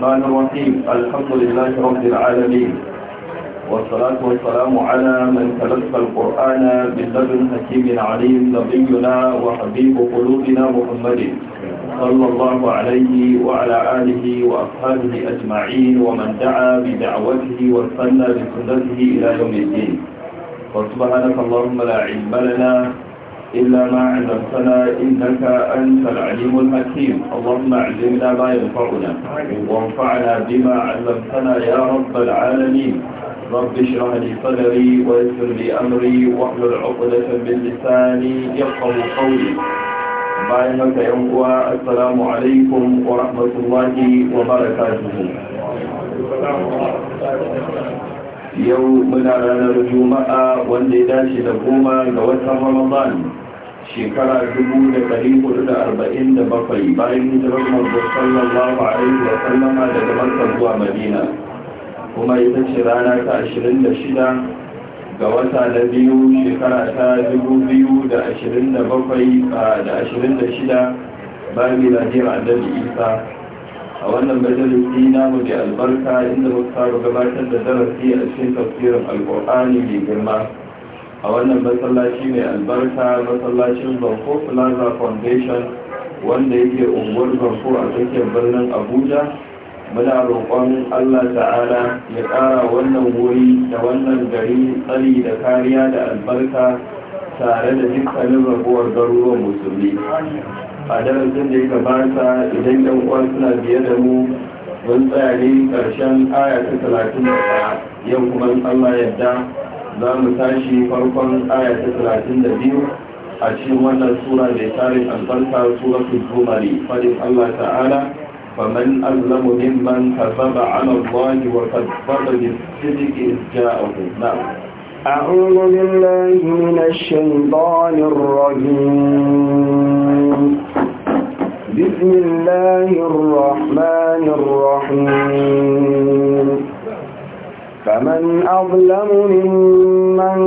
الرحمن الرحيم الحمد لله رب العالمين والصلاة والسلام على من تلقى القرآن من لدن حكيم عليم نبينا وحبيب قلوبنا محمد صلى الله عليه وعلى آله وأصحابه أجمعين ومن دعا بدعوته واستنى بسنته إلى يوم الدين وسبحانك اللهم لا علم لنا إلا ما علمتنا إنك أنت العليم الحكيم اللهم علمنا ما ينفعنا وانفعنا بما علمتنا يا رب العالمين رب اشرح لي صدري ويسر لي أمري واحلل عقدة من لساني يفقه قولي bayan haka yan السلام عليكم ورحمة الله وبركاته. wa barakatuhu yau muna ranar juma'a wanda ya shekara dubu da ɗari hudu da arba'in da bakwai bayan hijirar manzo sallallahu alaihi wa sallama daga makka zuwa madina kuma ita ce rana ta ashirin da shida ga wata na biyu shekara ta dubu biyu da ashirin da bakwai da ashirin da shida bayan miladiyar annabi isa a wannan majalisi namu da albarka inda faru gabatar da darasi a cikin tafsirin alkur'ani mai girma a wannan masallaci mai albarka masallacin banko plaza foundation wanda yake unguwar banko a tsakiyar birnin abuja muna roƙon allah ta'ala ya ƙara wannan wuri da wannan gari tsari da kariya da albarka tare da dukkanin raguwar garuruwan musulmi a darasin da ya gabata idan yan suna biye da mu mun tsaya ne ƙarshen aya ta talatin da yau kuma allah yadda za mu tashi farkon ayata talatin da biyu a cikin wannan sura mai tarin albarka suratul zumari fadin allah ta'ala فمن أظلم ممن كذب على الله وكذب بالصدق إذ جاءه نعم أعوذ بالله من الشيطان الرجيم بسم الله الرحمن الرحيم فمن أظلم ممن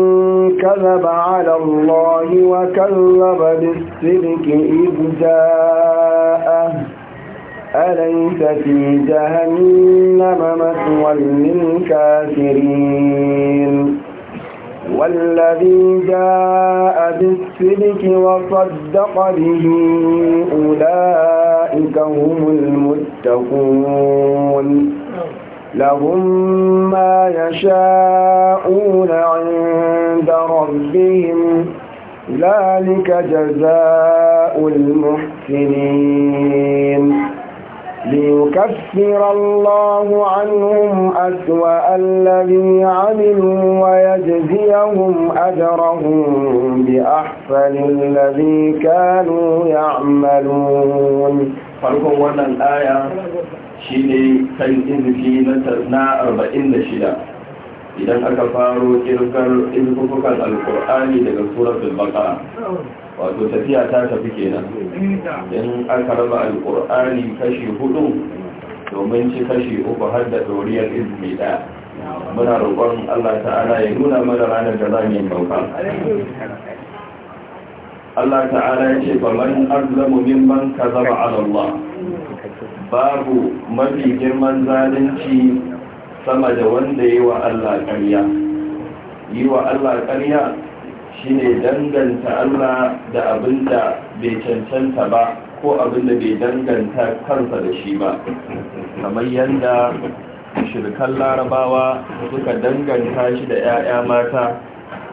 كذب على الله وكذب بالسلك إذ جاءه أليس في جهنم مسوى للكافرين والذي جاء بالسلك وصدق به أولئك هم المتقون لهم ما يشاءون عند ربهم ذلك جزاء المحسنين ليكفر الله عنهم أسوأ الذي عملوا ويجزيهم أجرهم بأحسن الذي كانوا يعملون فالكم الآية shi ne kan izifi na arba'in da shida idan aka faro kirkar izifukan alkur'ani daga suratul bilbaka wato tafiya ta tafi kenan in aka raba alkur'ani kashi hudu domin ci kashi uku har da doriyar izini ɗaya muna roƙon allah ta'ala ya nuna mana ranar da za mu allah ta'ala ya ce ba man arzama mimman ka zama alallah babu mafi girman zalunci sama da wanda yi wa Allah ƙarya yi wa Allah ƙarya ne danganta Allah da abin da bai cancanta ba ko abin da bai danganta kansa da shi ba kamar yadda shirkan larabawa suka danganta shi da 'ya'ya mata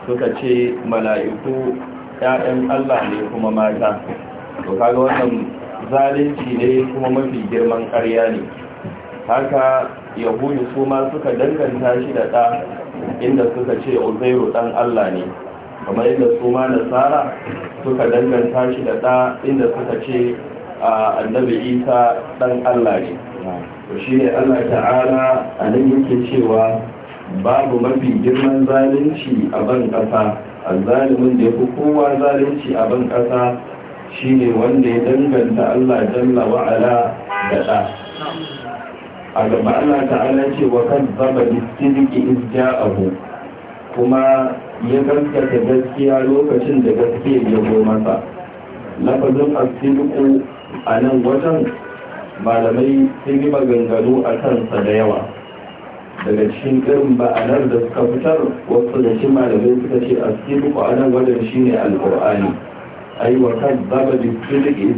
suka ce mala'iku 'ya'yan Allah ne kuma mata to kaga wannan zalunci ne kuma mafi girman ƙarya ne haka yahudu su ma suka danganta shi da ɗa inda suka ce uzairu ɗan allah ne kamar yadda su ma nasara suka danganta shi da ɗa inda suka ce a annabi isa ɗan allah ne to shi ne allah ta'ala a nan yake cewa babu mafi girman zalunci a ban ƙasa a zalimin da ya fi kowa zalunci a ban ƙasa shine wanda ya danganta Allah jalla wa ala da da a gaba Allah ta'ala ce wa kan zaba bisidiki in abu. kuma ya gaskata gaskiya lokacin da gaske ya zo masa lafazin asidiku a nan wajen malamai sun yi maganganu a kansa da yawa daga cikin irin ba'anar da suka fitar wasu da shi malamai suka ce a a nan wajen shi ne alkur'ani ai wa kazzaba bil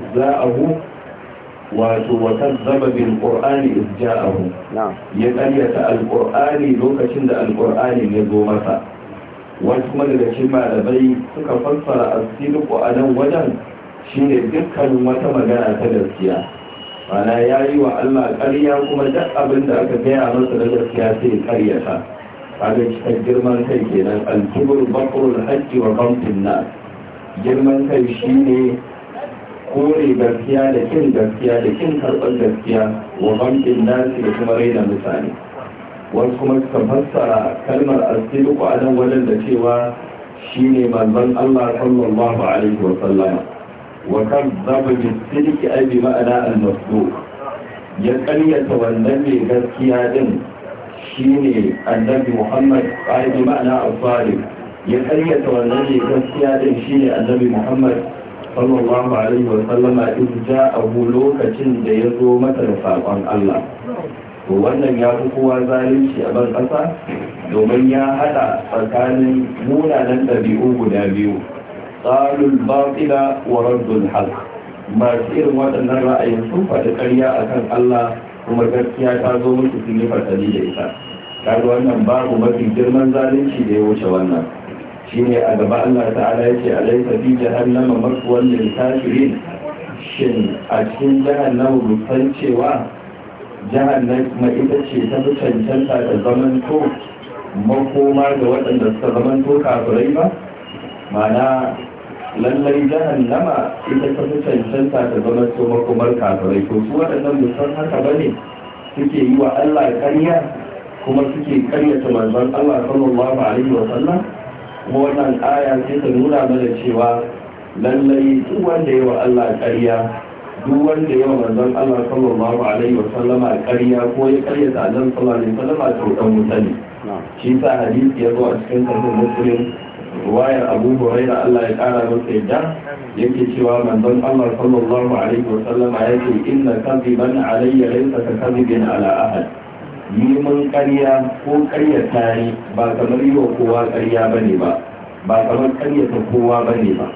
wato wa kazzaba bil qur'ani izza'ahu ya karyata Alkur'ani lokacin da Alkur'ani ya zo masa wasu kuma daga malamai suka fassara asiriku a nan wajen shine dukkanin wata magana ta gaskiya mana ya yi wa allah karya kuma duk abin da aka gaya masa na gaskiya sai karyata da cikin girman kai kenan alkibir bakurul Hajji wa bamtin nas girman kai shine kore gaskiya da kin gaskiya da kin karɓar gaskiya wa bankin nasi da kuma raina mutane wasu kuma suka fassara kalmar asiriku a nan wajen da cewa ne manzon Allah sallallahu alaihi wa sallama wa kazzaba bi sidiki ma'ana al-masduq ya ƙaryata wannan mai gaskiya din shine annabi Muhammad ay ma'ana al-salih ya aikata wannan ne gaskiya din shi ne annabi muhammad sallallahu alaihi wa sallama in ja abu lokacin da ya zo mata da saƙon allah wannan ya fi kowa zalunci a ban ƙasa domin ya haɗa tsakanin munanan ɗabi'u guda biyu tsalul baƙila wa raddul haq masu irin waɗannan ra'ayin sun faɗi ƙarya akan allah kuma gaskiya ta zo musu sun yi da ita kaga wannan babu mafi girman zalunci da ya wuce wannan shine a gaba Allah ta'ala yake alaysa fi jahannama maswan lil kafirin shin a cikin jahannama rufan cewa jahannama ita ce ta fi cancanta da zaman to makoma ga waɗanda suka zaman to kafirai ba mana lallai jahannama ita ta fi cancanta da zama to makomar kafirai to su waɗannan musan haka ba ne suke yi wa Allah ƙarya kuma suke ƙaryata manzon Allah sallallahu alaihi wa sallam kuma wannan aya sai ta nuna mana cewa lallai duk wanda yawa Allah ƙarya duk wanda yawa manzon Allah sallallahu alaihi wa sallama ƙarya ko ya ƙarya da Allah sallallahu alaihi wa sallama to dan mutane shi sa hadisi ya zo a cikin sahih muslim riwayar Abu Hurairah Allah ya kara masa yadda yake cewa manzon Allah sallallahu alaihi wa sallama yake inna kadhiban alayya laysa ka kadhibin ala ahad neman karya ko karya tari ba kamar yi wa kowa karya ba ne ba ba kamar ta kowa ba ne ba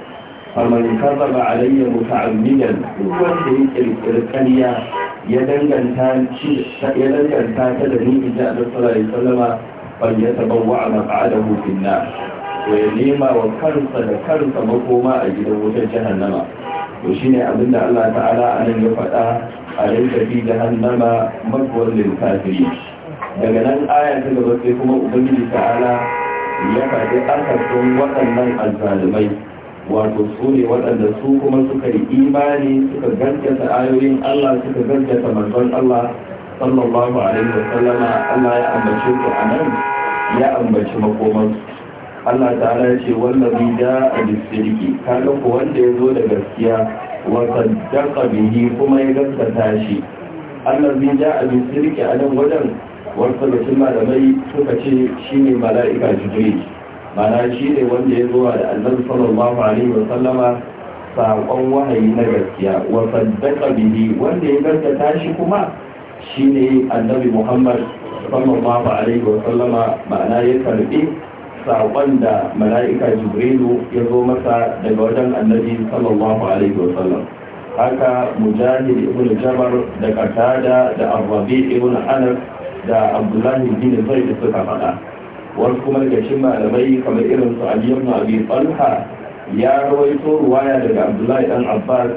farmani kaza ba alayya muta'ammidan duk wanda ya ƙirƙiri karya ya danganta ya danganta ta da ni inda Allah sallallahu alaihi wasallama bal yatabawwa maq'adahu fin nar to ya nema wa kansa da kansa makoma a gidan wutar jahannama to shine abinda Allah ta'ala anan ya faɗa alaysa fi jahannama mathwal lil kafirin daga nan aya ta gaba sai kuma ubangiji ta'ala ya faɗi akasin waɗannan azzalimai wato su ne waɗanda su kuma suka yi imani suka gaskata ayoyin Allah suka gaskata manzon Allah sallallahu alaihi wa sallama Allah ya ambace su a nan ya ambace makoman Allah ta'ala ya ce wallazi da a bisirki kaga ku wanda ya zo da gaskiya wa saddaqa kuma ya gaskata shi allazi ja a bisirki a nan wajen wasu mutum malamai suka ce shi ne mala'ika jibril mana shi ne wanda ya zuwa da annabi sallallahu alaihi wa sallama saƙon wahayi na gaskiya wa saddaqa wanda ya gaskata shi kuma shi ne annabi muhammad sallallahu alaihi wa sallama ma'ana ya karbi saƙon da mala'ika jibrilu ya zo masa daga wajen annabi sallallahu alaihi wasallam haka mujahid ibn jabar da qatada da arrabi ibn anas da abdullahi bin zaid suka faɗa wasu kuma daga cikin malamai kamar irin su ali ibn abi talha ya rawaito ruwaya daga abdullahi dan abbas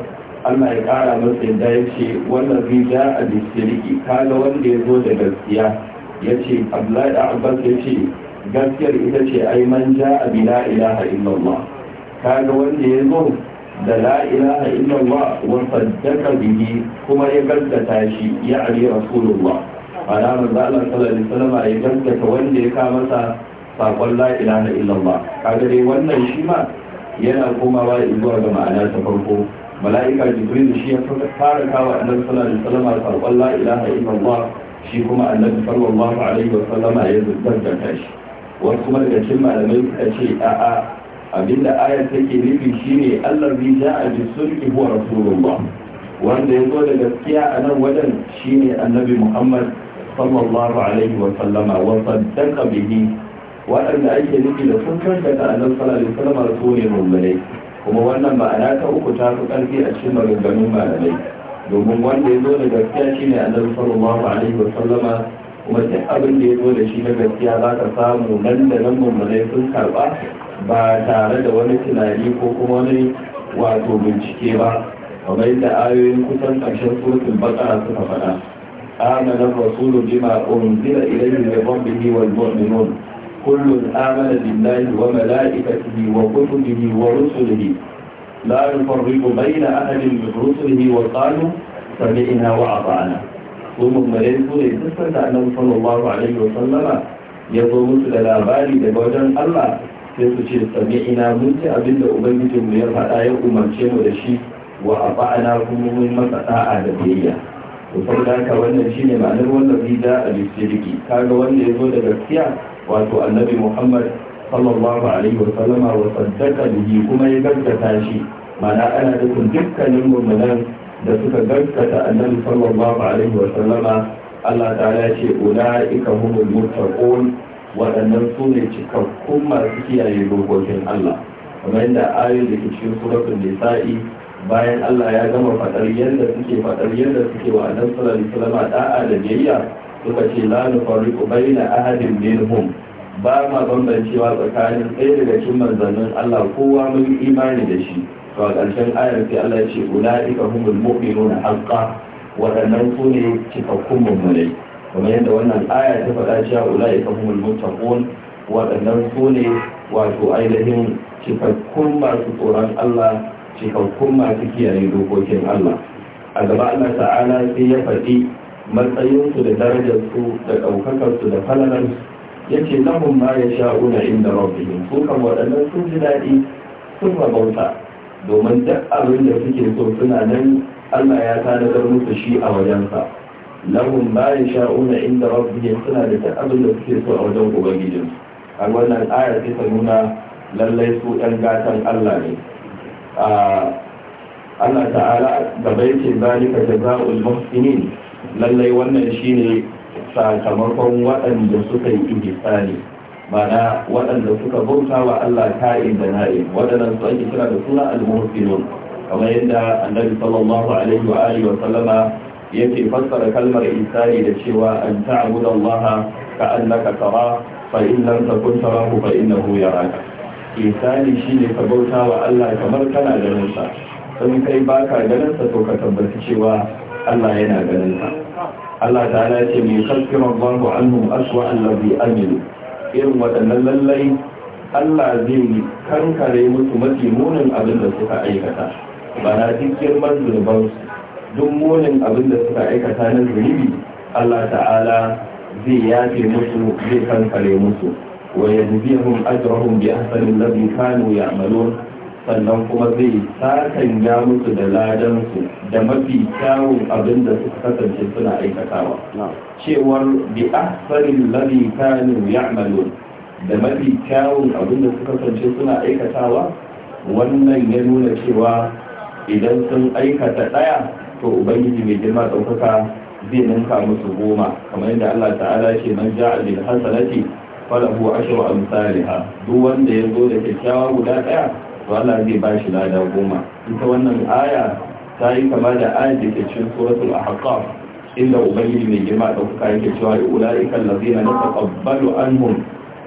Allah ya kara masa yadda ya ce wannan rija a jisiriki kaga wanda ya zo da gaskiya ya ce abdullahi dan abbas ya ce gaskiyar ita ce ai man ja a abi la ilaha illallah kaga wanda ya zo da la ilaha illallah wa saddaka bihi kuma ya gaskata shi ya ali rasulullah ana manzo Allah sallallahu alaihi wasallam ya gaskata wanda ya ka masa sakon la ilaha illallah kaga dai wannan shi ma yana komawa zuwa ga ma'ana ta farko mala'ika jibril shi ya fara kawo annabi sallallahu alaihi wasallam sakon la ilaha illallah shi kuma annabi sallallahu alaihi wasallam ya zaddaka shi wasu kuma daga cikin malamai suka ce a a abinda ayar take nufi shine Allah zai ja a bi sulki huwa rasulullah wanda ya zo da gaskiya a nan wajen shine annabi Muhammad sallallahu alaihi wa sallama wa saddaqa bihi waɗanda ake nufi da sun karkata annabi sallallahu alaihi wa sallama rasuli mummunai kuma wannan ma'ana ta uku ta fi ƙarfi a cikin maganganun malamai domin wanda ya zo da gaskiya shine annabi sallallahu alaihi wa sallama kuma abin da ya zo da shi na gaskiya za ka samu nan da nan mummunai sun karba ba tare da wani tunani ko kuma wani wato bincike ba kamar inda ayoyin kusan ƙarshen surutun bakara suka faɗa آمن الرسول بما أنزل إليه من ربه والمؤمنون كل آمن بالله وملائكته وكتبه ورسله لا نفرق بين أحد من رسله وقالوا سمعنا وأطعنا ko mummarai su ne duk sanda sallallahu alaihi wa sallama ya zo musu da labari daga wajen Allah sai su ce ina mun ci abin da ubangijin mu ya faɗa ya umarce mu da shi wa aba'ana kuma mun masa da'a da biyayya to saboda wannan shine ma'anar wannan rida a bisiriki kaga wanda ya zo da gaskiya wato annabi Muhammad sallallahu alaihi wa sallama wa saddaka bihi kuma ya gaskata shi ma'ana ana dukkan dukkanin mummunan da suka gaskata annabi sallallahu alaihi wa sallama Allah ta'ala ce ula'ika humul muttaqun waɗannan su ne cikakkun masu kiyaye dokokin Allah kamar yadda ayoyin da ke cikin suratul nisa'i bayan Allah ya gama fadar yadda suke fadar yadda suke wa annabi sallallahu alaihi wasallam da'a da biyayya suka ce la nufarriqu baina ahadin minhum ba ma bambancewa tsakanin ɗaya daga cikin manzannin Allah kowa mun imani da shi to a ƙarshen ayar sai Allah ya ce ula'ika humul mu'minuna haqqa waɗannan su ne cikakkun mummunai kamar yadda wannan aya ta faɗa cewa ula'ika humul muttaqun waɗannan su ne wato ainihin cikakkun masu tsoron Allah cikakkun masu kiyaye dokokin Allah a gaba Allah ta'ala sai ya faɗi matsayinsu da darajarsu da ɗaukakarsu da falalarsu ya ce ma ya inda rabbihim su kan waɗannan sun ji daɗi sun rabauta domin duk abin da suke so suna nan Allah ya tanadar musu shi a wajensa lahum bayan sha'una inda rabbihim suna da duk abin da suke so a wajen ubangijin a wannan aya sai ta nuna lallai su ɗan gatan Allah ne Allah ta'ala gaba yake zalika jazaa'ul muhsinin lallai wannan shine sakamakon waɗanda suka yi ihsani mana waɗanda suka bauta wa Allah ka'in da na'in waɗannan su ake kira da suna al-muhsinun kamar yadda annabi sallallahu alaihi wa alihi wa sallama yake fassara kalmar isari da cewa an ta'budu Allah ka'annaka tara fa in lam takun tarahu fa innahu yaraka insani shine ka bauta wa Allah kamar kana ganin sa in kai baka ganin sa to ka tabbaci cewa Allah yana ganin sa Allah ta'ala ce mai kafira Allahu anhum aswa allazi amilu irin waɗannan lallai Allah zai kankare musu mafi munin abin da suka aikata ba na cikin zunuban duk munin abin da suka aikata na zunubi Allah ta'ala zai yafe musu zai kankare musu wa yajzihum ajrahum bi ahsani alladhi kanu ya'malun sannan kuma zai sakan ya musu da ladansu da mafi kyawun abin da suka kasance suna aikatawa cewar bi ahsanin ladhi kanu ya'malun da mafi kyawun abin da suka kasance suna aikatawa wannan ya nuna cewa idan sun aikata ɗaya to ubangiji mai girma ɗaukaka zai ninka musu goma kamar yadda Allah ta'ala ce man ja'a bil hasanati falahu ashru amsaliha duk wanda ya zo da kyakkyawa guda ɗaya to Allah zai ba shi lada goma ita wannan aya ta yi kama da aya da ke a suratul ahqaf inda ubangiji mai girma da kuka yake cewa ulaika allazina nataqabbalu anhum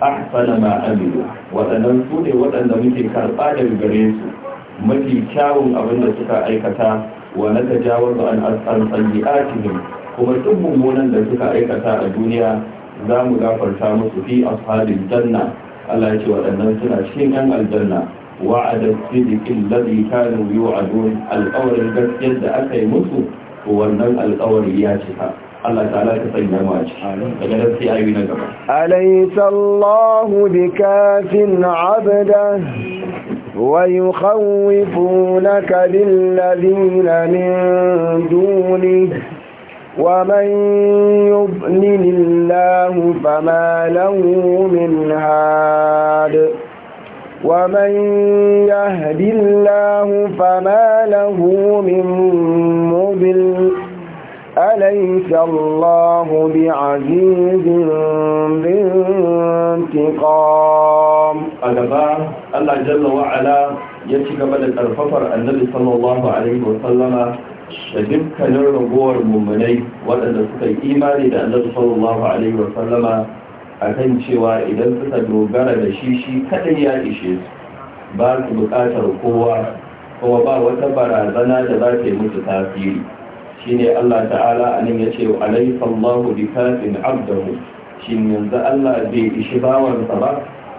ahsana ma amilu wadannan su ne waɗanda muke karɓa da gare su mafi kyawun abin da suka aikata wa na tajawazu an asan sayyi'atihim kuma duk mummunan da suka aikata a duniya za mu gafarta musu fi ashabin janna Allah ya ce waɗannan suna cikin yan aljanna وعد الصدق الذي كانوا يوعدون الأول البس يد أكي مصر هو أن الأول ياشها الله تعالى ما مواجه أليس الله بكاف عبده ويخوفونك للذين من دونه ومن يضلل الله فما له من هاد ومن يهد الله فما له من مضل أليس الله بعزيز بانتقام أدبا الله جل وعلا يتشك بدأ الففر النبي صلى الله عليه وسلم da dukkanin ragowar mummunai waɗanda suka yi imani da annabi sallallahu alaihi wa sallama a kan cewa idan suka dogara da shi shi kadai ya ishe su ba su bukatar kowa kuma ba wata barazana da za ta yi musu tasiri shine Allah ta'ala nan ya ce alaysa Allahu kafin abdahu shin yanzu Allah bai ishi bawansa ba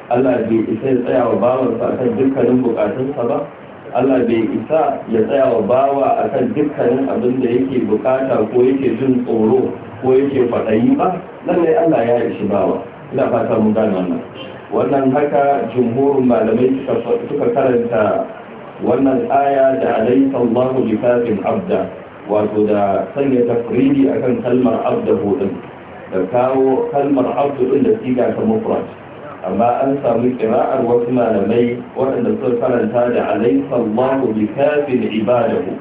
Allah bai isa ya tsaya wa bawansa akan dukkanin bukatunsa ba Allah bai isa ya tsaya wa bawa akan dukkanin abin da yake bukata ko yake jin tsoro ko yake faɗayi ba lallai Allah ya ishi bawa ina fata mun gane wannan wannan haka jumhurin malamai suka karanta wannan aya da alaysa Allahu bikafin abda wato da sanya tafridi akan kalmar abda din da kawo kalmar abdu din da siga ta mufrad amma an samu kira'ar wasu malamai waɗanda suka karanta da alaysa Allahu ibada ibadahu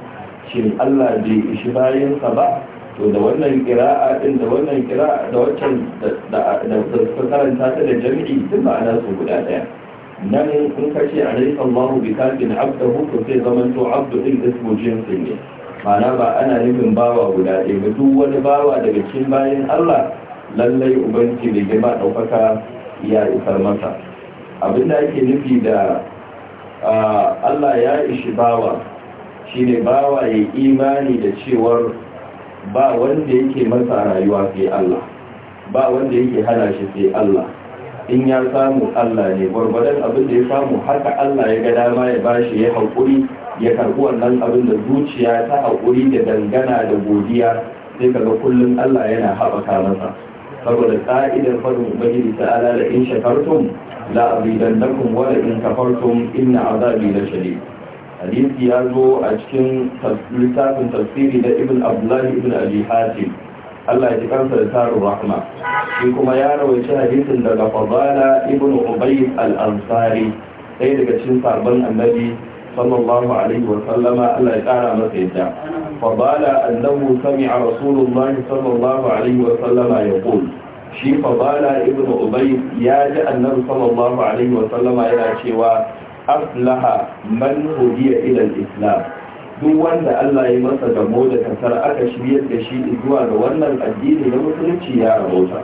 shin Allah bai ishi bayansa ba to da wannan kira'a din da wannan kira'a da wancan da suka karanta ta da jami'i duk ma'ana su guda daya nan in ka ce alaihi Allahu bi kafin abdahu to sai zaman to abdu din ismu jinsin ne ma'ana ba ana nufin bawa guda ɗaya ba duk wani bawa daga cikin bayan Allah lallai ubanci da girma ɗaukaka ya isar masa abinda ake nufi da ah, Allah ya ishi bawa shine bawa ya imani da cewar ba wanda yake masa rayuwa sai Allah ba wanda yake hana shi sai Allah in ya samu Allah ne gwargwadon abin da ya samu haka Allah ya ga dama ya bashi ya haƙuri ya karɓi wannan abin da zuciya ta haƙuri da dangana da godiya sai ga kullum Allah yana haɓaka masa saboda ƙa'idar farin ubangiji ala da in shakartum la abidannakum wa la in kafartum inna azabi la shadid hadisi ya zo a cikin littafin tafsiri da ibn abdullahi ibn abi hatim Allah ya ji kansa da tarin rahma shi kuma ya rawaice hadisin daga fadala ibn ubayy al-ansari sai daga cikin sabon annabi sallallahu alaihi wa sallama Allah ya kara masa yadda fadala annahu sami'a rasulullahi sallallahu alaihi wa sallama yaqul shi fadala ibn ubayy ya ji annabi sallallahu alaihi wa sallama yana cewa aflaha man hudiya ila islam duk wanda Allah ya masa gamo da kasar aka shiryar da shi zuwa ga wannan addini na musulunci ya rahota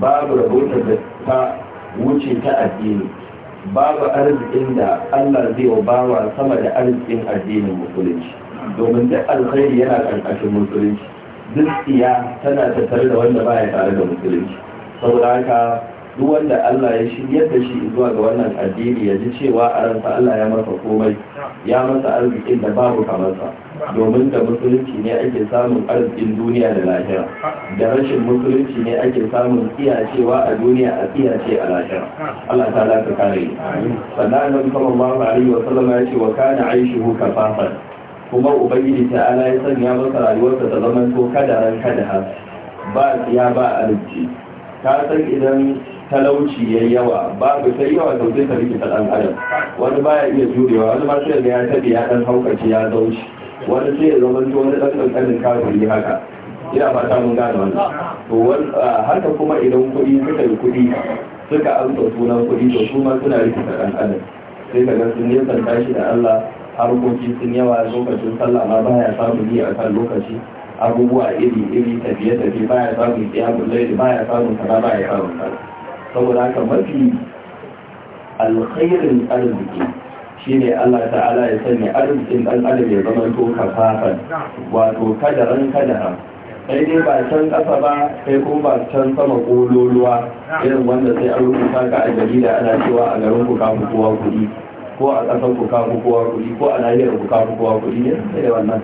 babu rahotar da ta wuce ta addini babu arzikin da Allah zai wa bawa sama da arzikin addinin musulunci domin duk alkhairi yana karkashin musulunci duk tana tattare da wanda baya tare da musulunci saboda haka duk wanda Allah ya shiryar da shi zuwa ga wannan addini ya ji cewa a ransa Allah ya masa komai ya masa arzikin da babu kamarsa domin da musulunci ne ake samun arzikin duniya da lahira da rashin musulunci ne ake samun tsiyacewa a duniya a tsiyace a lahira Allah ta lafi kare sannan annabi sallallahu alaihi wa sallam ya ce wa kana kafafan kuma ubangiji ya sanya masa rayuwarsa ta zama to kadaran kadaha ba tsiya ba arziki ka san idan talauci ya yawa babu sai yawa da zai tafi ta dan adam wani baya iya jurewa wani ba sai da ya tabi ya dan haukaci ya zauci wani sai ya zama to wani dan kankanin yi haka ina fata mun gane wannan to haka kuma idan kuɗi suka yi kuɗi suka amsa sunan kuɗi to su ma suna rikita dan adam sai ka ga sun san tashi da Allah harkoki sun yawa lokacin sallah ma baya samu yi a kan lokaci abubuwa iri iri tafiye tafiye baya samun kiyamun laili baya samun kaza baya samun kaza saboda haka mafi alkhairin arziki ne Allah ta'ala ya sanya arzikin dan adam ya zama to kafafan wato kadaran kadaran sai dai ba can ƙasa ba sai kuma ba can sama kololuwa irin wanda sai an rubuta saka a jarida ana cewa a garin ku kafu kowa kuɗi ko a ƙasar ku kafu kowa kuɗi ko a nahiyar ku kafu kowa kuɗi ne sai da wannan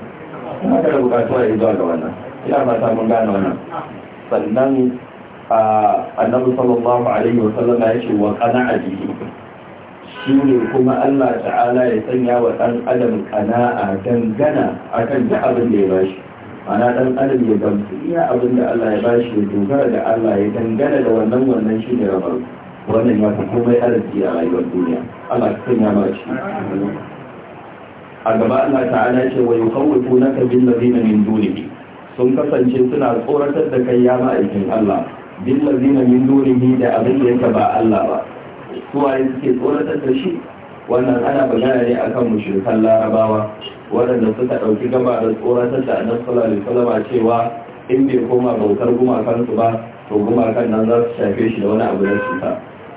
kuma kada bukatuwa ya zuwa ga wannan ina fata mun gane wannan sannan annabi sallallahu alaihi wa sallam ya ce wa qana'a bihi shine kuma Allah ta'ala ya sanya wa dan adam qana'a dangana akan duk abin da ya bashi ana dan adam ya gamsu iya abin da Allah ya bashi ya dogara da Allah ya dangana da wannan wannan shine rabar wannan ya fi komai arziki a rayuwar duniya Allah ya sanya ma shi a gaba Allah ta'ala ce wa yukawwifunaka bil ladina min dunihi sun kasance suna tsoratar da kai ya ma'aikin Allah billazina min dunihi da abin da yake ba Allah ba suwaye suke tsoratar da shi wannan ana magana ne akan mushrikan larabawa waɗanda suka ɗauki gaba da tsoratar da annabi sallallahu alaihi wasallam cewa in bai koma bautar gumakan su ba to gumakan nan za su shafe shi da wani abu na cuta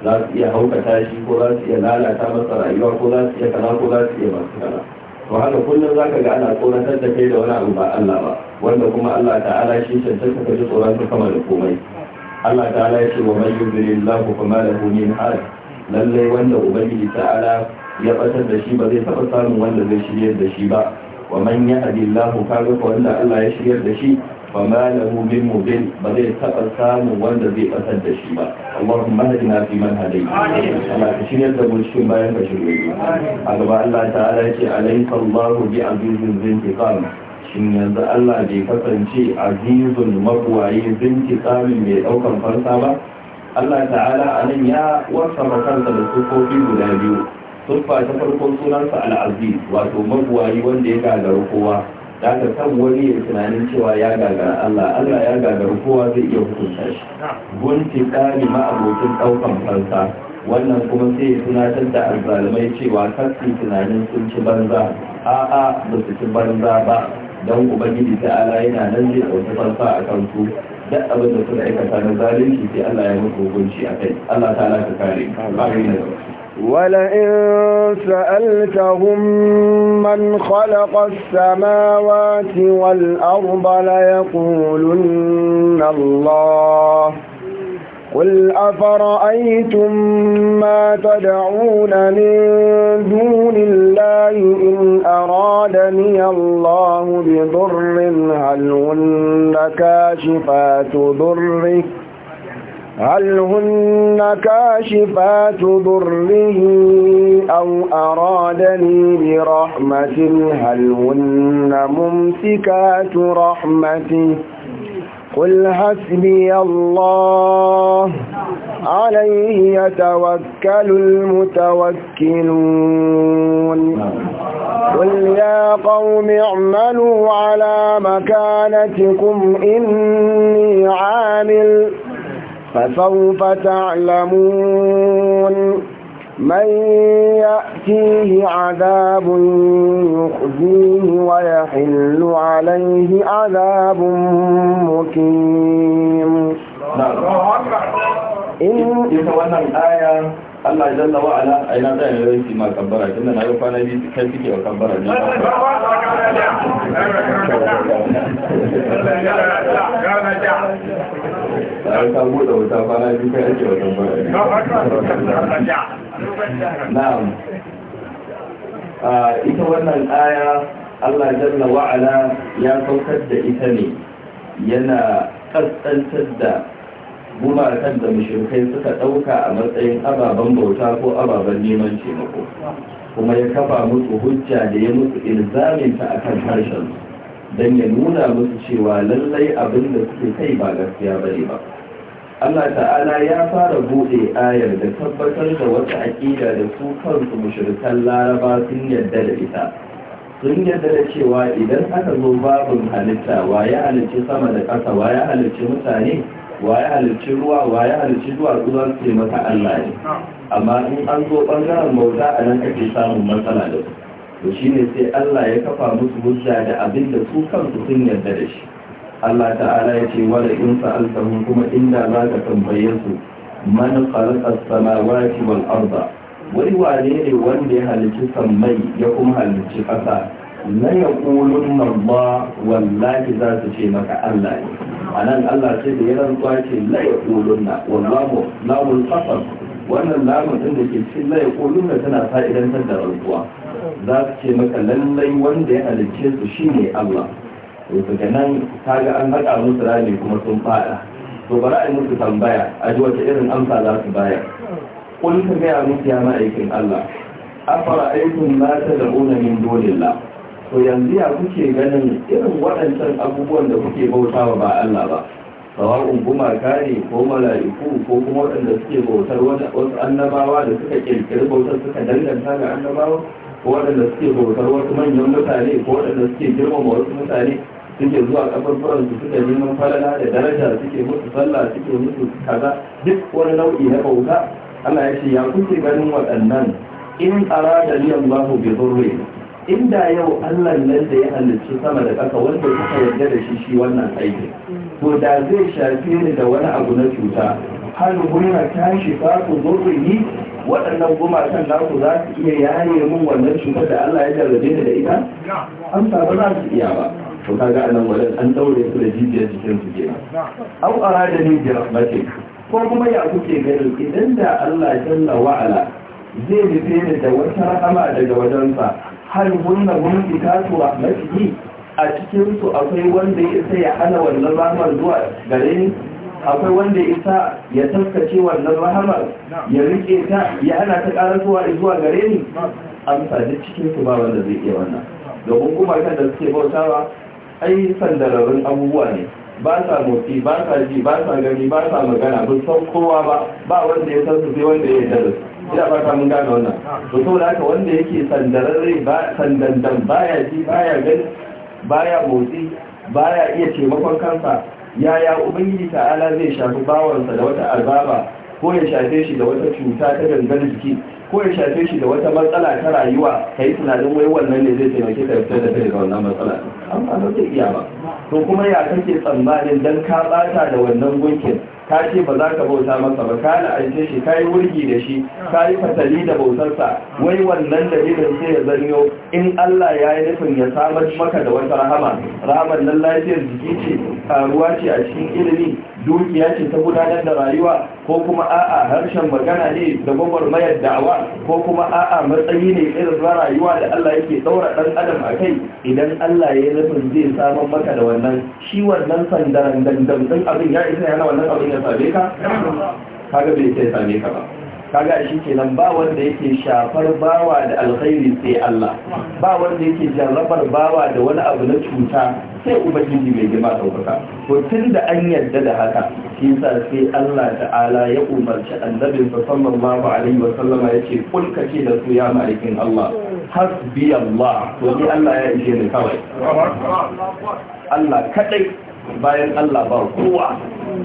za su iya haukata shi ko za su iya lalata masa rayuwa ko za su iya kaza ko za su iya masu kaza to haka kullum za ka ga ana tsoratar da kai da wani abu ba Allah ba wanda kuma Allah ta'ala shi cancanta ka ji tsoron kama da komai Allah ta'ala ya ce wa man yudlilillahu fama lahu min hadi lalle wanda ubangiji ta'ala ya batar da shi ba zai taba samun wanda zai shirya da shi ba wa man yahdillahu kaga ko wanda Allah ya shirya da shi fama lahu min mudil ba zai taba samun wanda zai batar da shi ba Allahumma hadina fi man hadayt Allah ka shirya da mu cikin bayan ka shirya shirye a gaba Allah ta'ala ya ce alaysa Allahu bi azizin zintiqam shin yanzu Allah bai kasance azizun makwayi zinki tsamin mai ɗaukan fansa ba Allah ta'ala a nan ya wasafa kansa da sufofi guda biyu sun ta farkon sunansa al'azi wato magwayi wanda ya gagara kowa da ka kan wani ya tunanin cewa ya gagara Allah Allah ya gagara kowa zai iya hukunta shi gunti tsari ma'abokin ɗaukan fansa wannan kuma sai ya tunatar da alzalimai cewa kan tunanin sun ci banza a'a ba su ci banza ba don ubangiji ta ala yana nan zai ɗauki fansa a kan su da abin da suka aikata na zalunci sai Allah ya musu hukunci a kai Allah ta ala ka kare amin da ولئن سألتهم من خلق السماوات والأرض ليقولن الله قل أفرأيتم ما تدعون من دون الله إن أرادني الله بضر هل هن كاشفات ضره هل هن كاشفات ضره أو أرادني برحمة هل هن ممسكات رحمته قل حسبي الله عليه يتوكل المتوكلون قل يا قوم اعملوا على مكانتكم إني عامل فسوف تعلمون من يأتيه عذاب يخزيه ويحل عليه عذاب مقيم ita wannan aya Allah jalla wa ala a yana tsaye da ma kabbara tunda na yi kwana biyu kai suke wa kabbara ne ta buɗe wuta kwana biyu kai ake wa kabbara ne na'am ah, ita wannan aya Allah jalla wa'ala ya saukar da ita ne yana ƙasƙantar da gumakan da mushrikai suka ɗauka a matsayin ababen bauta ko ababen neman taimako kuma ya kafa musu hujja da ya musu ilzaminta a kan harshen don ya nuna musu cewa lallai abin da suke kai ba gaskiya bane ba Allah ta'ala ya fara buɗe ayar da tabbatar da wata aƙida da su kansu mushrikan laraba sun yarda da ita sun yarda da cewa idan aka zo babin halitta wa ya halicci sama da ƙasa wa ya halicci mutane wa ya halicci ruwa wa ya halicci duwatsu zuwa su mata Allah ne amma in an zo ɓangaren mauta a nan kake samun matsala da su to shine sai Allah ya kafa musu hujja da abin da su kansu sun yarda da shi Allah ta'ala ya ce wala in sa'altahum kuma inda za ka tambaye su man khalaqa as-samawati wal arda wai wane ne wanda ya halicci sammai ya kuma halicci ƙasa la yaqulun Allah wallahi za su ce maka Allah ne anan Allah sai da ya rantsuwa ce la yaqulunna wallahu lamul qasam wannan lamun din da ke cikin la yaqulunna tana fa'idantar da rantsuwa za su ce maka lallai wanda ya halicce su shine Allah daga nan ta ga an haƙa musu rami kuma sun fada to bari a musu tambaya a ji wata irin amsa za su bayar kun ka gaya musu ya ma'aikin Allah afara aikin ma ta da una min dolilla to yanzu ya kuke ganin irin waɗancan abubuwan da kuke bauta wa ba Allah ba sawa'un gumaka kare ko mala'iku ko kuma waɗanda suke bautar wasu annabawa da suka ƙirƙiri bautar suka danganta ga annabawa ko waɗanda suke bautar wasu manyan mutane ko waɗanda suke girmama wasu mutane suke zuwa kaburburan su suke neman falala da daraja suke mutu sallah suke mutu kaza duk wani nau'i na bauta Allah ya ce ya kuke ganin waɗannan in da li babu bi dhurri inda yau Allah nan da ya halicci sama da ƙasa wanda suka yarda da shi shi wannan aiki to da zai shafe ni da wani abu na cuta hannu hunna tashi fa ku dhurri waɗannan gumakan naku za su iya yaye mun wannan cutar da Allah ya jarrabe ni da ita amsa ba za su iya ba to kaga anan wajen an daure su da jijiyar jikin su kenan au arada ni bi rahmatik ko kuma ya kuke ganin idan da Allah jalla wa ala zai nufe ni da wata rahama daga wajensa har hunna hun itatu rahmatihi a cikin su akwai wanda ya isa ya hana wannan rahmar zuwa gare ni akwai wanda ya isa ya tafkace wannan rahamar ya rike ta ya hana ta ƙara zuwa zuwa gare ni amsa duk cikin su ba wanda zai iya wannan domin kuma kan da suke bautawa ai sandararrun abubuwa ne ba sa motsi ba sa ji ba sa gani ba sa magana ba san kowa ba ba wanda ya san su sai wanda ya yarda ina ba ta mun gane wannan to saboda haka wanda yake sandararre ba sandandan baya ji baya gani baya motsi baya iya taimakon kansa yaya ubangiji ta'ala zai shafi bawansa da wata azaba ko ya shafe shi da wata cuta ta gangan jiki ko ya shafe shi da wata matsala ta rayuwa ka yi tunanin wai wannan ne zai taimake ka fitar da kai daga wannan matsala amma ba zai iya ba to kuma ya kake tsammanin dan ka bata da wannan gunkin ka ce ba za ka bauta masa ba ka na la'ance shi ka yi wurgi da shi ka yi fatali da bautarsa wai wannan da irin sai ya zanyo in Allah ya yi nufin ya samar maka da wata rahama rahamar nan lafiyar jiki ce karuwa ce a cikin ilimi dukiya ce ta gudanar da rayuwa ko kuma a'a harshen magana ne da gwagwarmayar da'awa ko kuma a'a matsayi ne irin rayuwa da Allah yake daura dan adam a kai idan Allah ya nufin zai samar maka da wannan shi wannan sandaran dandan abin ya isa yana wannan abin ya same ka kaga bai sai same ka ba kaga shi kenan ba wanda yake shafar bawa da alkhairi sai Allah ba wanda yake jarrabar bawa da wani abu na cuta sai ubangiji mai girma ɗaukaka to tun da an yarda da haka shi yasa sai Allah ta'ala ya umarci annabin sa sallallahu alaihi wa sallama yace kul kace da su ya malikin Allah hasbi Allah to ni Allah ya ishe ni kawai Allah kadai bayan Allah ba kowa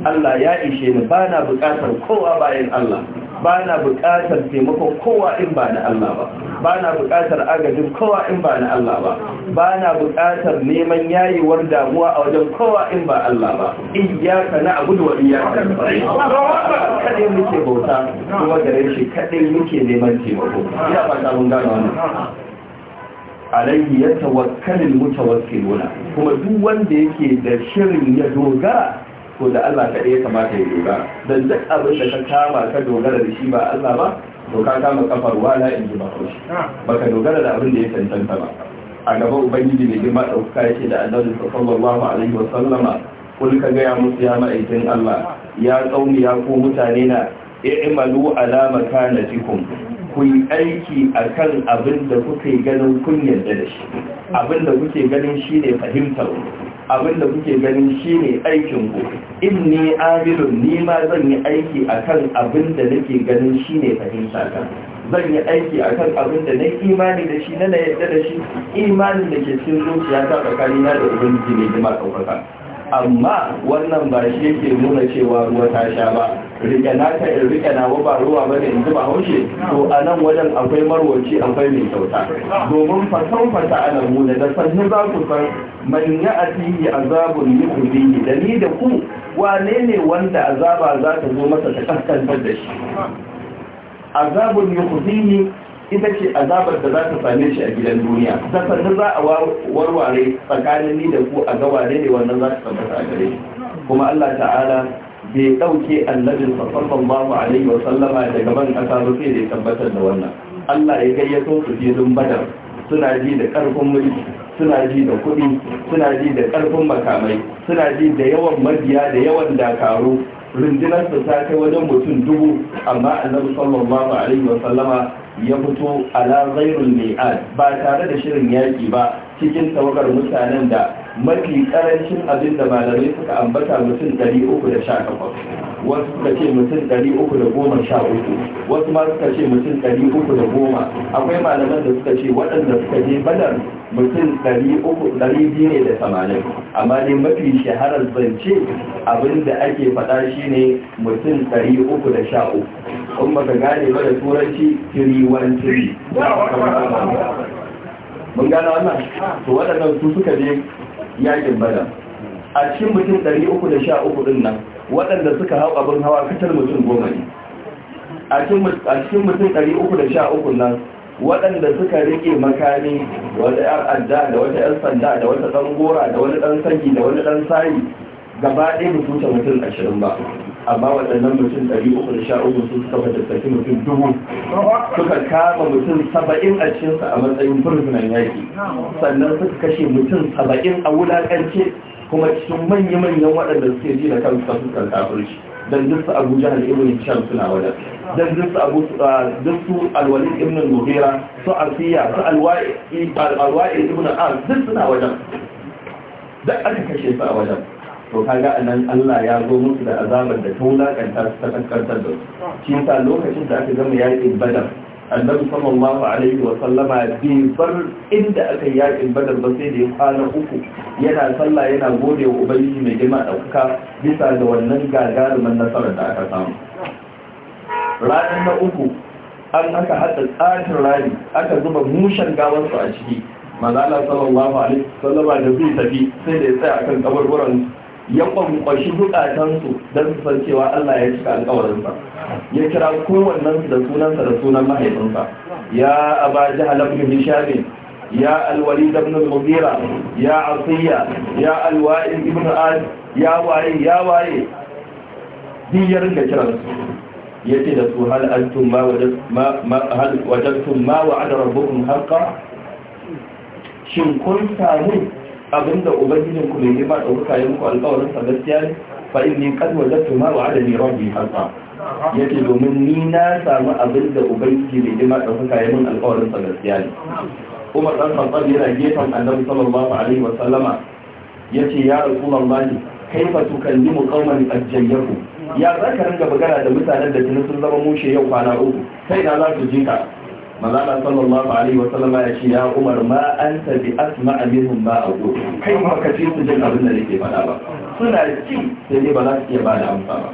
Allah ya ishe ni bana bukatar kowa bayan Allah ba na buƙatar taimakon kowa in ba na Allah ba ba na buƙatar agajin kowa in ba na Allah ba ba na buƙatar neman yayewar damuwa a wajen kowa in ba Allah ba iyyaka na'budu wa iyyaka nasta'in kadai muke bauta kuma gare shi kadai muke neman taimako ya ba mun gano wani. Alayhi ya tawakkalin mutawakkiluna kuma duk wanda yake da shirin ya dogara ko da Allah kaɗai ya kamata ya dogara don duk abin da ka kama ka dogara da shi ba Allah ba to ka kama kafar wala in ji bakoshi ah. baka dogara da abin da ya cancanta ba a gaba ubangiji mai girma ɗaukaka yake da annabi sallallahu alaihi wa sallama kul ka gaya musu ya ma'aikin Allah ya tsauni ya ko mutane na i'malu ala makanatikum ku yi aiki akan abin da kuke ganin kun yarda da shi abin da kuke ganin shine fahimtar abin da kuke ganin shi ne aikin ku in ni amilun ni ma zan yi aiki akan abin da nake ganin shi ne fahimta kan zan yi aiki akan abin da na imani da shi na na yadda da shi imanin da ke cikin zuciya ta tsakanina da ubangiji ne jima ɗaukaka amma wannan ba shi yake nuna cewa ruwa ta sha ba rike naka in rike na ba ruwa ne in zuba haushe to a nan wajen akwai marwaci akwai mai kyauta domin fasau fata ana muna da sannu za ku san man ya atihi azabun yukhdihi da ni da ku wane ne wanda azaba za ta zo masa ta kaskantar da shi azabun yukhdihi ita ce azabar da za ta same shi a gidan duniya da sannu za a warware tsakanin ni da ku a ga wane ne wannan za ta tabbata a gare kuma Allah ta'ala bai ɗauke annabin sallallahu alaihi wa sallama daga ban ƙasa ba sai da tabbatar da wannan Allah ya gayyato su filin badar suna ji da ƙarfin mulki suna ji da kuɗi suna ji da ƙarfin makamai suna ji da yawan mabiya da yawan dakaru rundunar su ta kai wajen mutum dubu amma annabi sallallahu alaihi wa sallama ya fito ala zairul mi'ad ba tare da shirin yaki ba cikin tawagar mutanen da mafi karancin abin da malamai suka ambata mutum 318 wasu suka ce mutum 313 wasu ma suka ce mutum 310 akwai malaman da suka ce waɗanda suka je badar mutum biyu ne da 80 amma dai mafi shaharar zance abin da ake faɗa shi ne mutum 313 in baka gane ba da turanci 313 mun gane wannan su waɗannan su suka je yakin bada a cikin mutum 313 din nan waɗanda suka hau abin hawa fitar mutum goma ne a cikin mutum 313 nan waɗanda suka rike makami wata yar adda da wata yar sanda da wata ɗan gora da wani ɗan sanyi da wani ɗan sayi gaba ɗaya mutum ashirin ba amma waɗannan mutum ɗari uku da sha suka fatattaki mutum dubu suka kama mutum saba'in a cikinsa a matsayin fursunan yaƙi sannan suka kashe mutum saba'in a wulaƙance kuma cikin manya-manyan waɗanda suke ji da kansu fuskar kafirci don duk su abu jihar ibn sham suna wajen don duk su abu ah, duk su ibn mughira su asiya su alwa'i ibn al duk suna wajen duk aka kashe su a wajen to kaga anan Allah ya zo musu da azabar da ta wulakanta ta kankantar da su shi yasa lokacin da aka gama yaƙin badar annabi sallallahu alaihi wa sallama bai bar inda aka yi yaƙin badar ba sai da ya kwana uku yana sallah yana gode wa ubangiji mai girma ɗaukaka bisa ga wannan gagarumin nasarar da aka samu ranar na uku an aka haɗa tsarin rani aka zuba mushen gawarsu a ciki manzala sallallahu alaihi wa sallama da zai tafi sai da ya tsaya akan kabarwaran ya kwankwashi bukatansu don su san cewa Allah ya cika alkawarinsa ya kira kowannen da sunansa da sunan mahaifinsa ya aba Jihar ibn Hishami. ya alwalid ibn al-mughira ya asiya ya alwa'il ibn al ya waye ya waye diyar ga kiransu yace da su hal antum ma wajadtum ma wa'ada rabbukum haqqan shin kun samu abinda ubangijin ku mai ba ɗauka yin ku alƙawarin sa gaskiya ne fa inni qad wajadtu ma wa'ada li rabbi haqa yake domin ni na samu abin abinda ubangiji mai ba ɗauka yin alƙawarin sa gaskiya ne Umar dan Khattab yana gefen Annabi sallallahu alaihi wa sallama yace ya Rasulullahi kaifa tukallimu qauman qad jayyahu ya zaka ringa magana da mutanen da tuni sun zama mushe yau kwana uku sai na za su jinka manzana sallallahu alaihi wa sallama ya ce ya umar ma an tabi asma amihun ba a gudu kai ma ka ce su jin abin da nake faɗa ba suna ci da dai ba za su iya ba da amsa ba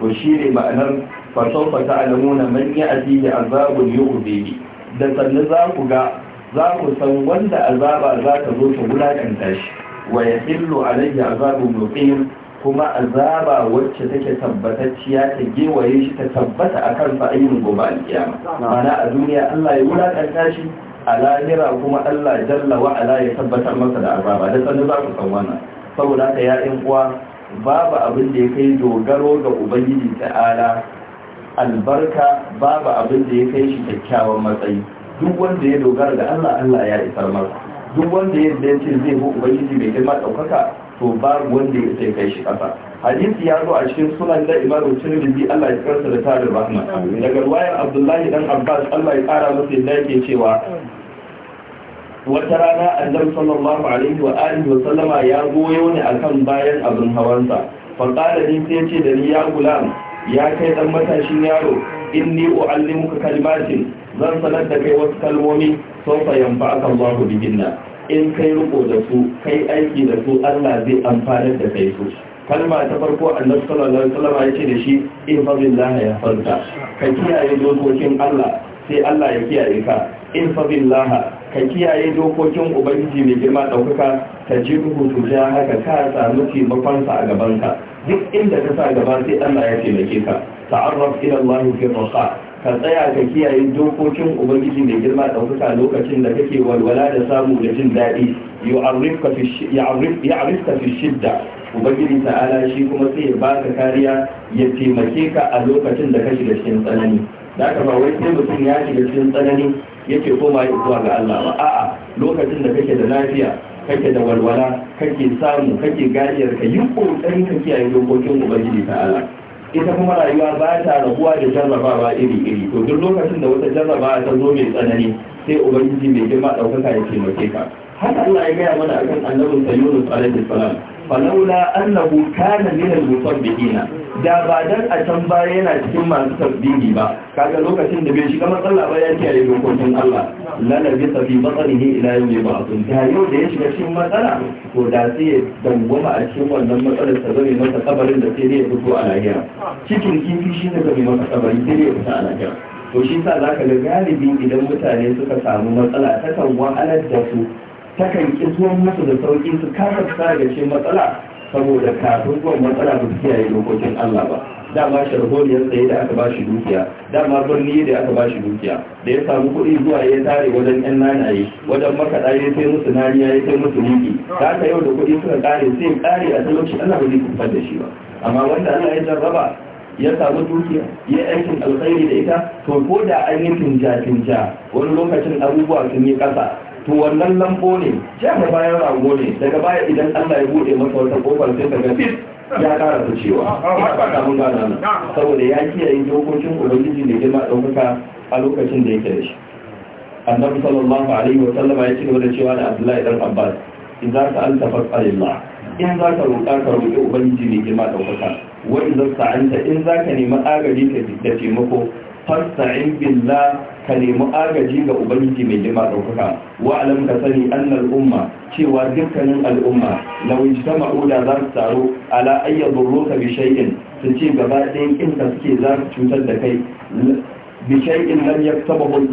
to shi ne ma'anar fasau fata alamuna man ya ajiye azabun yuhu bebi da sannu za ku ga za ku san wanda azaba za ta zo ta wulakanta shi wa ya hillu alayya azabun muqim kuma azaba wacce take tabbatacciya ta gewaye shi ta tabbata a kan fa'ayin gobe alƙiyama mana a duniya Allah ya wulaƙanta shi a lahira kuma Allah jalla wa ala ya tabbatar masa da azaba da sanin za ku san wannan saboda ka ya kuwa, uwa babu abin da ya kai dogaro ga ubangiji ta'ala albarka babu abin da ya kai shi kyakkyawan matsayi duk wanda ya dogara ga Allah Allah ya isar masa duk wanda ya ce zai bi ubangiji bai girma ɗaukaka to babu wanda ya sai kai shi kasa hadisi ya zo a cikin sunan da imamu tirmidhi Allah ya karsa da tarin Rahman. daga riwayar abdullahi dan abbas Allah ya kara masa yadda yake cewa wata rana annabi sallallahu alaihi wa alihi wa sallama ya goyo ne akan bayan abin hawansa fa qala ni sai ce da ni ya gulam ya kai dan matashin yaro inni uallimuka kalimatin zan sanar da kai wasu kalmomi sau fa yanfa'aka Allahu bihinna in kai riko da su kai aiki da su Allah zai amfana da kai su kalma ta farko annabi sallallahu alaihi wasallam ya ce da shi fa ya farka ka kiyaye dokokin Allah sai Allah ya kiyaye ka fa Laha, ka kiyaye dokokin ubangiji mai girma daukaka ka ji su ja haka ka samu taimakon sa a gaban ka duk inda ka sa gaba sai Allah ya taimake ka ta'arraf ila Allah fi raqa ka tsaya ka kiyaye dokokin ubangiji mai girma ɗaukaka lokacin da kake walwala da samu da jin daɗi ya'arifka fi shidda ubangiji ta'ala shi kuma sai ya baka kariya ya taimake ka a lokacin da ka shiga cikin tsanani da ka ba wai sai mutum ya shiga cikin tsanani yake koma zuwa ga Allah ba a'a lokacin da kake da lafiya kake da walwala kake samu kake ganiyar ka yi kokarin ka kiyaye dokokin ubangiji ta'ala ita kuma rayuwa ba ta rabuwa da jarrabawa iri-iri to duk lokacin da wata jarraba ta zo mai tsanani sai ubangiji mai girma ɗaukaka ya taimake ka haka Allah ya gaya mana akan annabin sa alaihi salam falaula annahu kana min al-musabbihina da ba dan a can baya yana cikin masu tasbihi ba kaga lokacin da bai shiga matsala ba ya kiyaye dokokin Allah la la bi sabi batsalihi ila yawmi ba'thun da yau da ya shiga cikin matsala to da sai ya dangwama a cikin wannan matsalar ta zame masa kabarin da sai ya fito a lahira cikin kifi shi ne zame masa kabari sai ya fita a lahira to shi sa zaka ga galibi idan mutane suka samu matsala ta kan wa'alar da su takan ƙi zuwan musu da sauƙi su kasa fita da cikin matsala saboda kafin zuwan matsala ba su kiyaye dokokin Allah ba dama sharholiyar tsaye da aka ba shi dukiya dama birni da aka ba shi dukiya da ya samu kuɗi zuwa ya tare wajen yan nanaye wajen makaɗa ya sai musu naniya ya sai musu liki da haka yau da kuɗi suka ƙare sai ƙare a talauci Allah ba zai kufar da shi ba amma wanda Allah ya jarraba ya samu dukiya ya aikin alkhairi da ita to ko da an yi tinja tinja wani lokacin abubuwa sun yi ƙasa to wannan lambo ne jihar bayan rago ne daga baya idan allah ya bude masa wata kofar sai ka gafi ya kara su cewa ba ta mun gana nan saboda ya kiyaye dokokin ubangiji da girma ɗaukaka a lokacin da yake da shi annabi sallallahu alaihi wa sallam ya ci gaba da cewa da abdullahi dan abbas in za ka alta fasalillah in za ka roƙa ka roƙi ubangiji mai girma ɗaukaka wa in za ka anta in za ka nemi agaji ka da taimako fasta'in billah ka nemi agaji ga ubangiji mai jima ɗaukaka wa alam ka sani annal umma cewa dukkanin al'umma na wijtama da za su taru ala ayya burruka bi shay'in su ce gaba ɗayan kin ka suke za su cutar da kai bi shay'in lam yaktabahu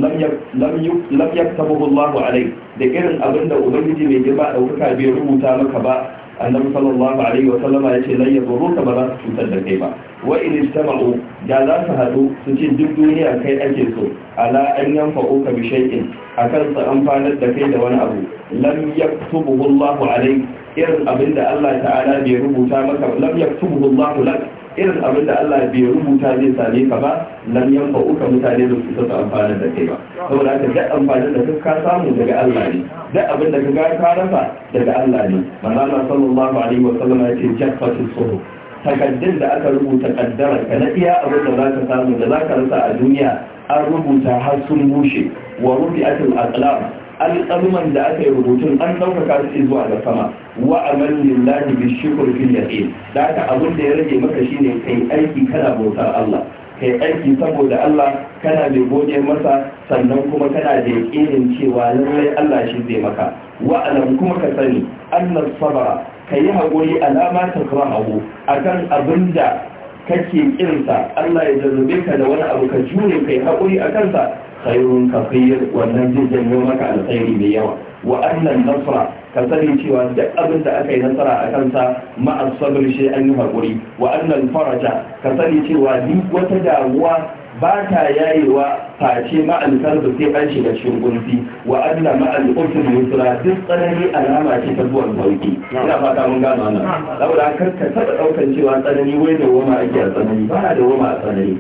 lam Allahu alai da irin abinda ubangiji mai jima ɗaukaka bai rubuta maka ba annabi sallallahu alaihi wa sallama ya yace lan yadurruka ba za su cutar da kai ba wa in istama'u da za su haɗu su ce duk duniya kai ake so ala an yanfa'u ka bi shay'in akan su amfanar da kai da wani abu lam yaktubuhu Allahu alayk irin abinda Allah ta'ala bai rubuta maka lam yaktubuhu Allahu lak irin abinda Allah bai rubuta zai same ka ba lam yanfa'u ka mutane da su ta amfanar da kai ba saboda haka duk amfanin da ka samu daga Allah ne duk abinda ka ga ka rasa daga Allah ne manzo Allah sallallahu alaihi wa sallam ya ce jaffatu suhu takaddun da aka rubuta kaddara ka na iya abin da za ka samu da za ka rasa a duniya an rubuta har sun bushe wa rufi atul aqlam alƙaluman da aka yi rubutun an ɗaukaka su zuwa ga sama wa amal lillahi bi shukr fil yaqin da abin da ya rage maka shine kai aiki kana bautar Allah kai aiki saboda Allah kana mai gode masa sannan kuma kana da yaƙinin cewa lallai Allah shi zai maka wa'alam kuma ka sani annas sabara ka yi haƙuri alama ta rahu a kan abin da kake ƙinsa Allah ya zarrabe ka da wani abu ka jure kai haƙuri a kansa khairun kafir wannan zai janyo maka alkhairi mai yawa wa annan nasra ka sani cewa duk abin da aka yi nasara a kansa ma'a sabr shi an yi haƙuri wa annan faraja ka sani cewa duk wata damuwa ba ta yayewa face ma'alisar da sai an shiga cikin gunfi wa adna ma'al usul yusra duk tsanani alama ce ta zuwan sauki ina fata mun gano nan saboda kar ka daukan cewa tsanani wai da wama ake a tsanani ba da wama a tsanani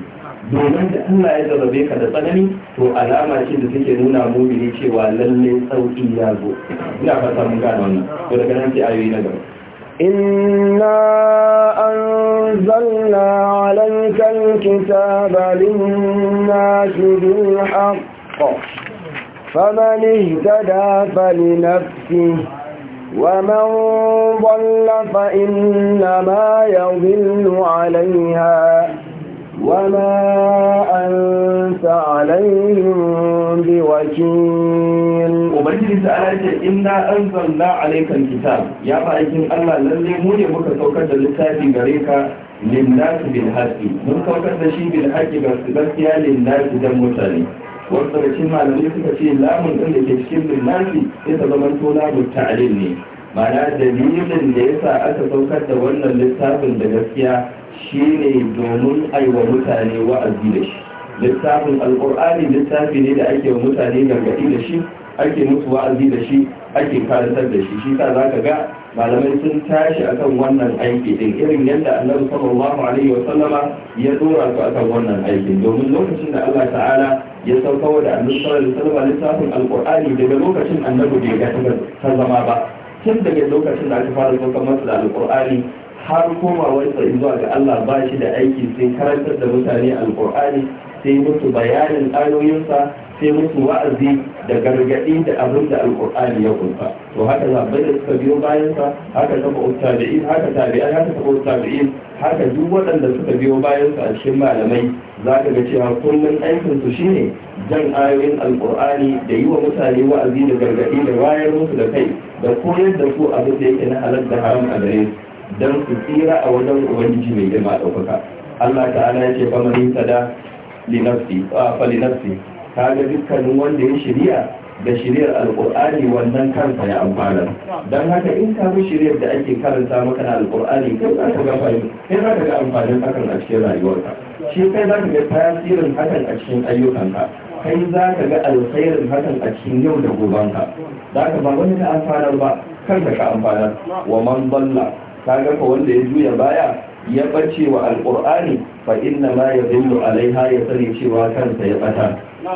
domin da Allah ya zarrabe ka da tsanani to alama ce da take nuna mumini cewa lalle sauki ya zo ina fata mun gano nan to daga nan sai ayoyi na gaba إنا أنزلنا عليك الكتاب للناس بالحق فمن اهتدى فلنفسه ومن ضل فإنما يضل عليها وما أنت عليهم بوكيل وبنجي سألت إنا أنزلنا عليك الكتاب يا فأيكين الله للي موني مكتوكة لساتي غريكا للناس بالحق مكتوكة شيء بالحق بسبسيا للناس دمتاني wasu daga cikin malamai suka ce lamun ɗin da ke cikin lillafi sai ta zama to lamun ne Bana dalilin da yasa aka saukar da wannan littafin da gaskiya shi ne domin aiwa mutane wa'azi da shi littafin alkur'ani littafi ne da ake wa mutane gargaɗi da shi ake mutu wa'azi da shi ake karantar da shi shi ta za ka ga malamai sun tashi akan wannan aiki din irin yadda annabi sallallahu alaihi wa sallama ya dora su akan wannan aikin domin lokacin da Allah ta'ala ya sauka da annabi sallallahu alaihi wa sallama littafin alkur'ani daga lokacin annabi bai ga ta zama ba tun daga lokacin da aka fara sauka masa da alqur'ani har koma komawarsa zuwa ga Allah ba shi da aiki sai karantar da mutane alkur'ani sai musu bayanin ayoyinsa sai musu wa'azi da gargaɗi da abin da alkur'ani ya kunsa to haka zaɓai da suka biyo bayansa haka taɓa tabi'in haka tabi'ai haka taɓa tabi'in haka duk waɗanda suka biyo bayansa a cikin malamai za ka ga cewa kullum aikinsu shine jan ayoyin alkur'ani da yi wa mutane wa'azi da gargaɗi da wayar musu da kai da koyar da su abin da yake na halar da haram a gare su don su tsira a wajen ubangiji mai girma ɗaukaka Allah ta'ala ya ce famar yin sada linafsi ah, fa ta ga dukkanin wanda ya shirya da shiryar alƙur'ani wannan kansa ya amfana don haka in ka bi shiryar da ake karanta maka na alƙur'ani kai za ka ga kai za ka ga amfanin hakan a cikin rayuwarka shi kai za ka ga tasirin hakan a cikin ayyukanka kai za ka ga alkhairin hakan a cikin yau da gobanka za ka ba wani ka amfanar ba kanka ka amfanar wa man dalla kaga fa wanda ya juya baya ya bace wa alqur'ani fa inna ma yadullu alaiha ya sani cewa kansa ya bata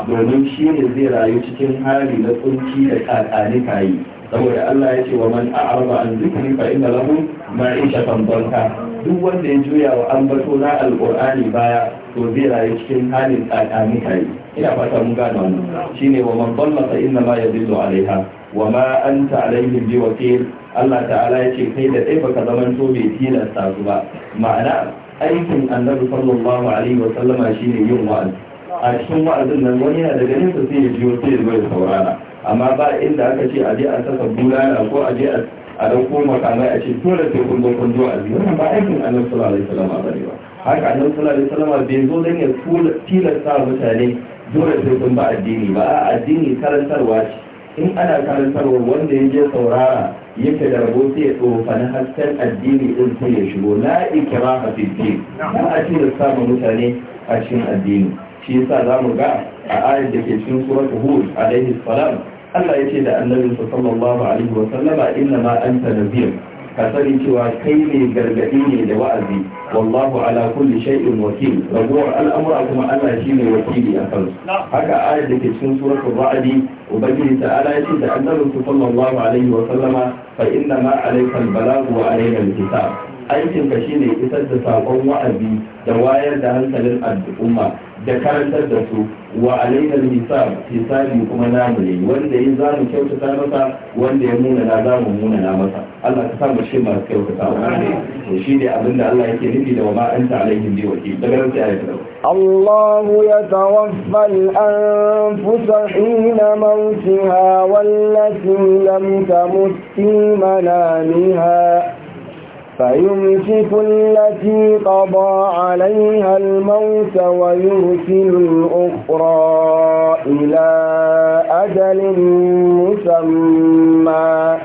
domin shi ne zai rayu cikin hali na kunci da kakani kayi saboda Allah ya ce wa man a'arba an zikri fa inna lahu ma'ishatan banka duk wanda ya juya wa ambato na alqur'ani baya to zai rayu cikin halin tsakani kai ina fata mun gane wannan shine wa man dalla fa inna ma yadillu alaiha wa ma anta alaihim bi wakil Allah ta'ala yace kai da dai baka zaman to bai tilasta su ba ma'ana aikin annabi sallallahu alaihi wa sallama shine yin wa'azi a cikin wa'azin nan wani yana daga nesa sai ya biyo sai ya zo ya saurara amma ba inda aka ce a je a saka bulala ko a je a dauko makamai a ce dole sai kun zo kun zo a wannan ba aikin annabi sallallahu alaihi wa sallama ne ba haka annabi sallallahu alaihi wasallam bai zo dan ya tilasta mutane dole sai sun ba addini ba addini karantarwa ce in ana karantarwa wanda ya je saurara yake da rabo sai ya tsofani hasken addini din sai ya shigo la ikra a ba a ce da mutane a cikin addini shi yasa za mu ga a ayar da ke cikin suratul hud alaihi salam Allah ya ce da annabi sallallahu alaihi wa inna ma anta nadhir ka sani cewa kai ne gargaɗi ne da wa'azi wallahu ala kulli shay'in wakil ragowar al'amura kuma Allah shi ne wakili a kansu haka aya da ke cikin suratul ra'adi ubangiji ta'ala ala ce da annabin su sallallahu alaihi wa sallama fa inna ma alayka al-balagh wa alayka al-kitab aikin ka shine isar da sakon wa'azi da wayar da hankalin al'umma da karantar da su wa alaikar hisab hisabi kuma namu ne wanda ya zamu kyautata masa wanda ya muna na zamu muna na masa Allah ka sa shi masu kyautata wa shi ne abinda Allah yake nufi da wa ma anta alaihim bi wakil daga nan sai ayatu الله يتوفى الأنفس حين موتها والتي لم تمت في منامها فيمسك التي قضى عليها الموت ويرسل الأخرى إلى أجل مسمى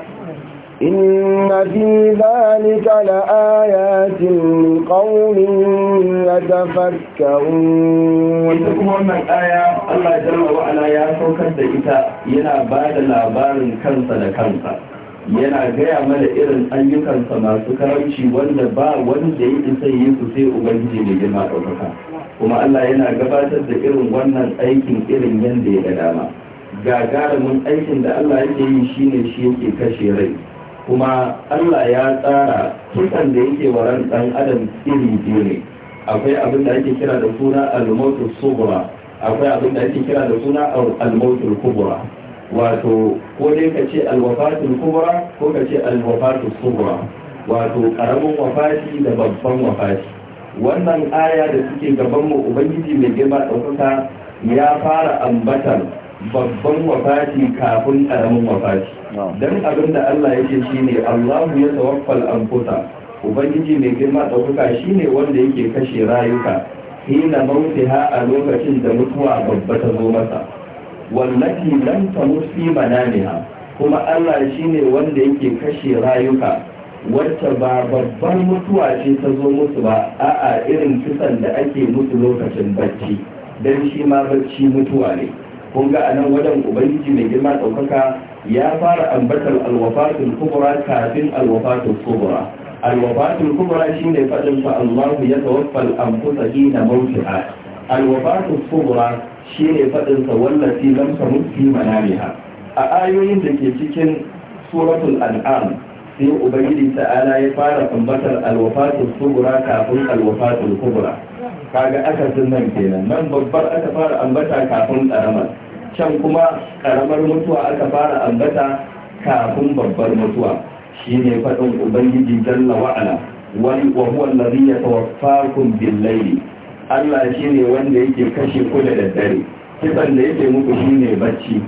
إن في ذلك لآيات لقوم يتفكرون kuma wannan aya Allah ya jalla wa ya saukar da ita yana ba da labarin kansa da kansa yana gaya mana irin ayyukansa masu karamci wanda ba wanda ya isa yi su sai ubangiji mai girma ɗaukaka kuma allah yana gabatar da irin wannan aikin irin yadda ya ga dama gagarumin aikin da allah yake yi shine shi yake kashe rai kuma allah ya tsara kisan da yake waran ɗan adam iri biyu ne akwai abin da ake kira da suna al-mautul akwai abin da ake kira da suna al-mautul kubra wato ko dai ka ce alwafatul kubra ko ka ce alwafatul kubra wato karamin wafati da babban wafati wannan aya da suke gaban mu ubangiji mai girma ɗaukaka ya fara ambatar babban wafati kafin karamin wafati dan abin da Allah yake shine Allahu ya tawaffal anfusa ubangiji mai girma ɗaukaka shine wanda yake kashe rayuka hina mautiha a lokacin da mutuwa babba ta zo masa wallaki lam tamut fi manamiha kuma Allah shine wanda yake kashe rayuka wacce ba babbar mutuwa ce ta zo musu ba a'a irin kisan da ake mutu lokacin bacci dan shi ma bacci mutuwa ne kun ga anan wajen ubangiji mai girma ɗaukaka ya fara ambatar alwafatul kubra kafin alwafatul kubra alwafatul kubra shine fadin fa Allah ya tawaffal anfusa hina mautiha alwafatul kubra shi ne faɗinsa wallafi lam tamut fi manamiha a ayoyin da ke cikin suratul al'am, sai ubangiji ta'ala ya fara ambatar alwafatul sugura kafin alwafatul kubra kaga akasin nan kenan nan babbar aka fara ambata kafin karamar can kuma karamar mutuwa aka fara ambata kafin babbar mutuwa shine faɗin ubangiji jalla wa'ala wani wa huwa allazi yatawaffakum bil layli Allah shi ne wanda yake kashe ku da daddare kisan da yake muku shi ne bacci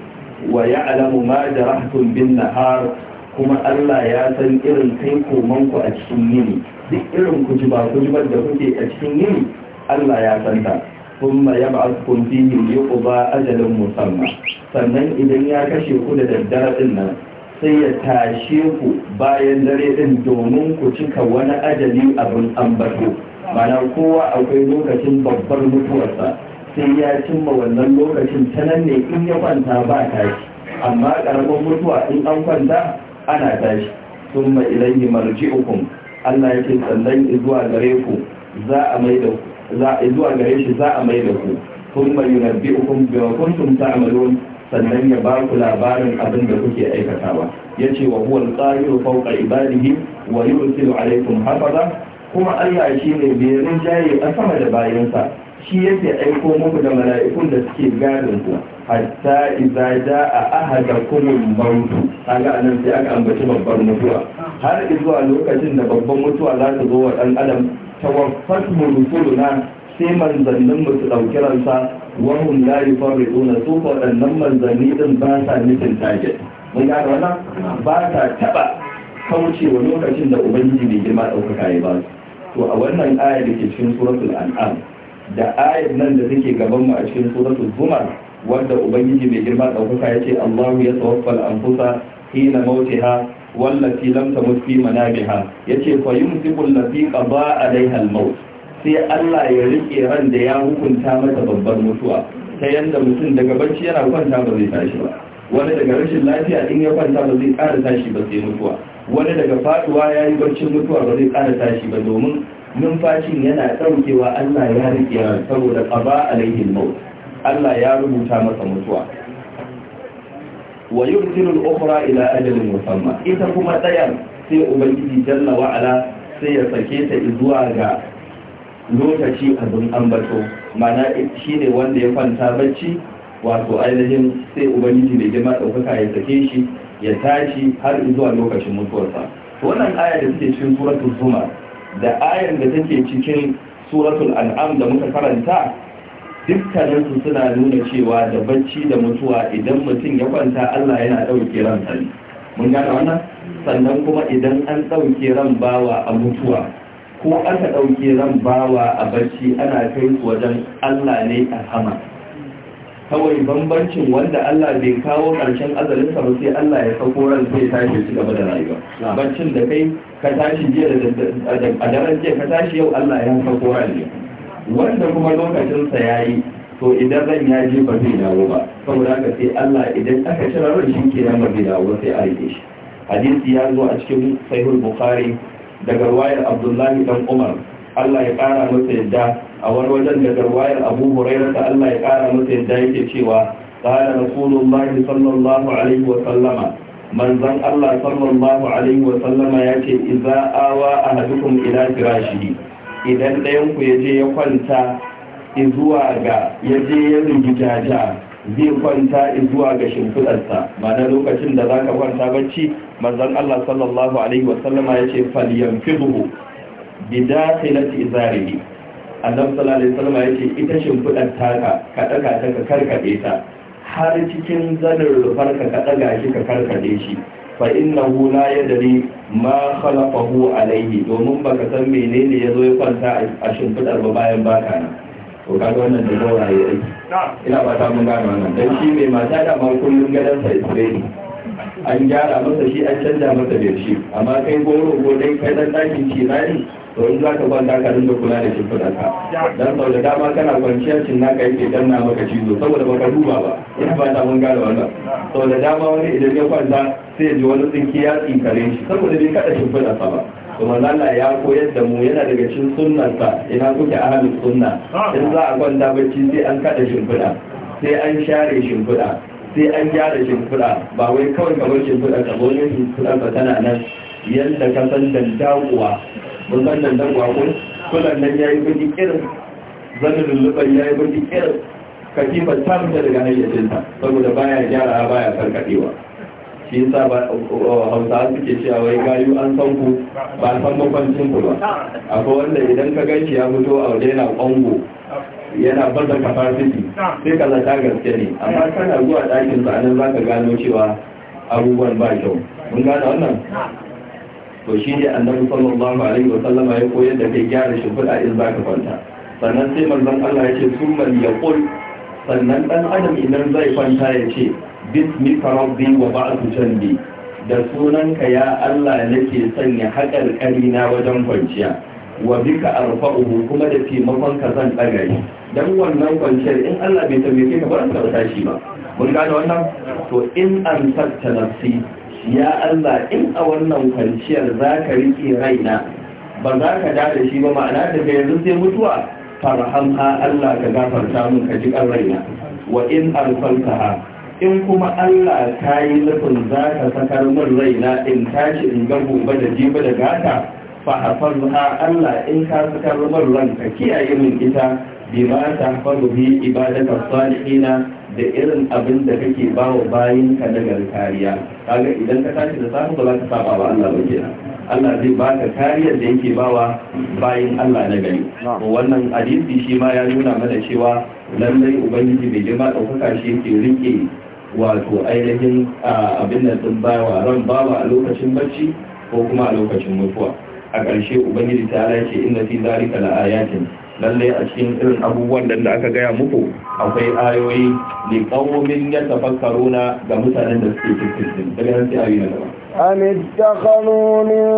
wa alamu ma jarahtum bin nahar kuma Allah ya san irin kai komanku a cikin yini duk irin ku ji da kuke a cikin yini Allah ya san ta kuma ya ba'atkum yi ba ajalin musamman, sannan idan ya kashe ku da daddare din nan sai ya tashe ku bayan dare din domin ku cika wani ajali abin ambato mana kowa akwai lokacin babbar mutuwarsa sai ya cimma wannan lokacin ta nan ne in ya kwanta ba tashi amma karamin mutuwa in an kwanta ana tashi sun ma ilayhi ukun! Allah ya ce sannan izuwa gare ku za a mai da za a zuwa gare shi za a mai da ku sun ma yunabbi'ukum sannan ya ba ku labarin abin da kuke aikatawa ce wa huwa al-qahiru ibadihi wa yursilu alaykum hafaza kuma Allah shi ne berin jaye a sama da bayansa shi yake aiko muku da mala'ikun da suke gadin ku hatta idza jaa ahadakum al-maut kaga anan sai aka ambaci babbar mutuwa har zuwa lokacin da babban mutuwa za ta zo wa dan adam tawaffatu rusuluna sai manzannin mu su dauki ransa wa hum la yufarriduna su waɗannan manzanni din ba sa nufin take mun ga wannan ba ta taba kaucewa lokacin da ubangiji bai girma ɗaukaka ya ba to a wannan aya da ke cikin suratul an'am da ayar nan da take gaban mu a cikin suratul zumar wanda ubangiji mai girma ɗaukaka ya ce Allahu ya tawaffal anfusa hina mautiha wallati lam tamut fi manabiha yace fa yumsiku allati qada alaiha al sai Allah ya rike ran da ya hukunta mata babbar mutuwa ta yanda mutum daga bacci yana kwanta ba zai tashi ba wani daga rashin lafiya in ya kwanta ba zai ƙara tashi ba sai mutuwa wani daga faduwa ya yi barcin mutuwa ba zai ƙara tashi ba domin numfashin yana ɗaukewa Allah ya riƙe saboda ƙaba laifin maut Allah ya rubuta masa mutuwa wa yurtilul ukhra ila ajalin musamma ita kuma tsayar sai ubangiji jalla wa ala sai ya sake ta zuwa ga lokaci a abin ambato mana shine wanda ya kwanta bacci wato ainihin sai ubangiji mai girma ɗaukaka ya sake shi ya tashi har zuwa lokacin mutuwarsa wannan aya da take cikin suratul zumar da ayan da take cikin suratul al'am da muka karanta dukkaninsu suna nuna cewa da bacci da mutuwa idan mutum ya kwanta Allah yana ɗauke ran sani mun gane wannan sannan kuma idan an ɗauke ran bawa a mutuwa ko aka ɗauke ran bawa a bacci ana kai su wajen Allah ne a sama kawai bambancin wanda Allah bai kawo ƙarshen azalinsa ba sai Allah ya sauko ran zai tashi shi gaba da rayuwa Bancin da kai ka tashi jiya da a daren jiya ka tashi yau Allah ya sauko ran ne wanda kuma lokacinsa ya yi to idan ran ya je ba zai dawo ba saboda haka sai Allah idan aka cira ran shi nan ba zai dawo sai a rike shi hadisi ya zo a cikin sahihul bukhari daga rawayar abdullahi dan umar Allah ya ƙara masa yadda a wani wajen da garwayar Abu Hurairah ta Allah ya ƙara masa yadda yake cewa qala rasulullahi sallallahu alaihi wa sallama manzon Allah sallallahu alaihi wa sallama yace idza awa ahadukum ila firashihi idan dayan ku yaje ya kwanta zuwa ga yaje ya rigijaja zai kwanta zuwa ga shimfidarsa ma'ana lokacin da zaka kwanta bacci manzon Allah sallallahu alaihi wa sallama yace falyamfidhu bi dakhilati izarihi annabi sallallahu alaihi wasallam ce ita shimfidar taka ka ɗaga ta ka karkade ta har cikin zanar rufarka ka ɗaga shi ka karkade shi fa innahu la yadri ma khalaqahu alaihi domin baka san menene yazo ya kwanta a shimfidar ba bayan baka nan to kaga wannan da zaura ya aiki ina ba ta mun gano wannan dan shi mai mata da ma kullun gadan sa israeli an gyara masa shi an canja masa da shi amma kai goro ko dai kai dan dakin cinani to in za ka kwanta ka rinka kula da shimfiɗarka don sau da dama kana kwanciyar cin naka yake danna maka cizo saboda baka duba ba ina fata mun gane wannan sau da dama wani idan ya kwanta sai ya ji wani tsinki ya tsinkare shi saboda bai kada shimfiɗarsa ba to manzala ya koyar da mu yana daga cikin sunnarsa ina kuke ahalin sunna in za a kwanta bacci sai an kaɗa shimfiɗa sai an share shimfiɗa sai an gyara shimfiɗa ba wai kawai kamar shimfiɗa ka zo ne shimfiɗa ka tana nan yadda ka san dandakuwa kun zan nan dan wakon kulan nan ya yi baki kirin zanen lulluban ya yi baki kirin katifar ta fita daga hayyacinta saboda baya gyara baya karkadewa shi yasa ba hausa suke cewa wai gayu an san ku ba san makwancin ku ba akwai wanda idan ka ganshi ya fito a waje yana kwango yana baza capacity sai ka zata gaske ne amma kana zuwa ɗakin sa nan zaka gano cewa abubuwan ba kyau mun gane wannan to shi ne annabi sallallahu alaihi wa sallama ya koyar da kai gyara shimfiɗa in zaka kwanta sannan sai manzon Allah ya ce summa yaqul sannan dan adam idan zai kwanta ya ce bismika rabbi wa ba'athu jandi da sunanka ya Allah nake sanya hakar na wajen kwanciya wa bika arfa'uhu kuma da taimakon ka zan daga shi dan wannan kwanciyar in Allah bai tabbake ka ba ka tashi ba mun gane wannan to in an tattala ya Allah in a wannan kwanciyar za ka riƙe raina ba za ka da da shi ba ma'ana da yanzu sai mutuwa farhamha Allah ka gafarta min ka ji kan raina wa in arsaltaha in kuma Allah ta yi nufin za ka sakar min raina in tashi in ga gobe da jibi da gata fa ha Allah in ka sakar min ranka kiyaye min ita bima ta hafazu bi ibadatus salihina da irin abin da kake ba wa bayan ka daga kariya kaga idan ka tashi da safe ba za ka saba wa Allah ba kenan Allah zai baka kariyar da yake bawa bayan Allah na gari wannan hadisi shi ma ya nuna mana cewa lallai ubangiji bai jima ɗaukaka shi yake rike wato ainihin abin da sun wa ran bawa a lokacin barci ko kuma a lokacin mutuwa a ƙarshe ubangiji ta ce inna fi zalika la ayatin lalle a cikin irin abubuwan da aka gaya muku akwai ayoyi ne kawomin ya tafakkaru na ga mutanen da suke cikin daga nan sai yi na gaba أم اتخذوا من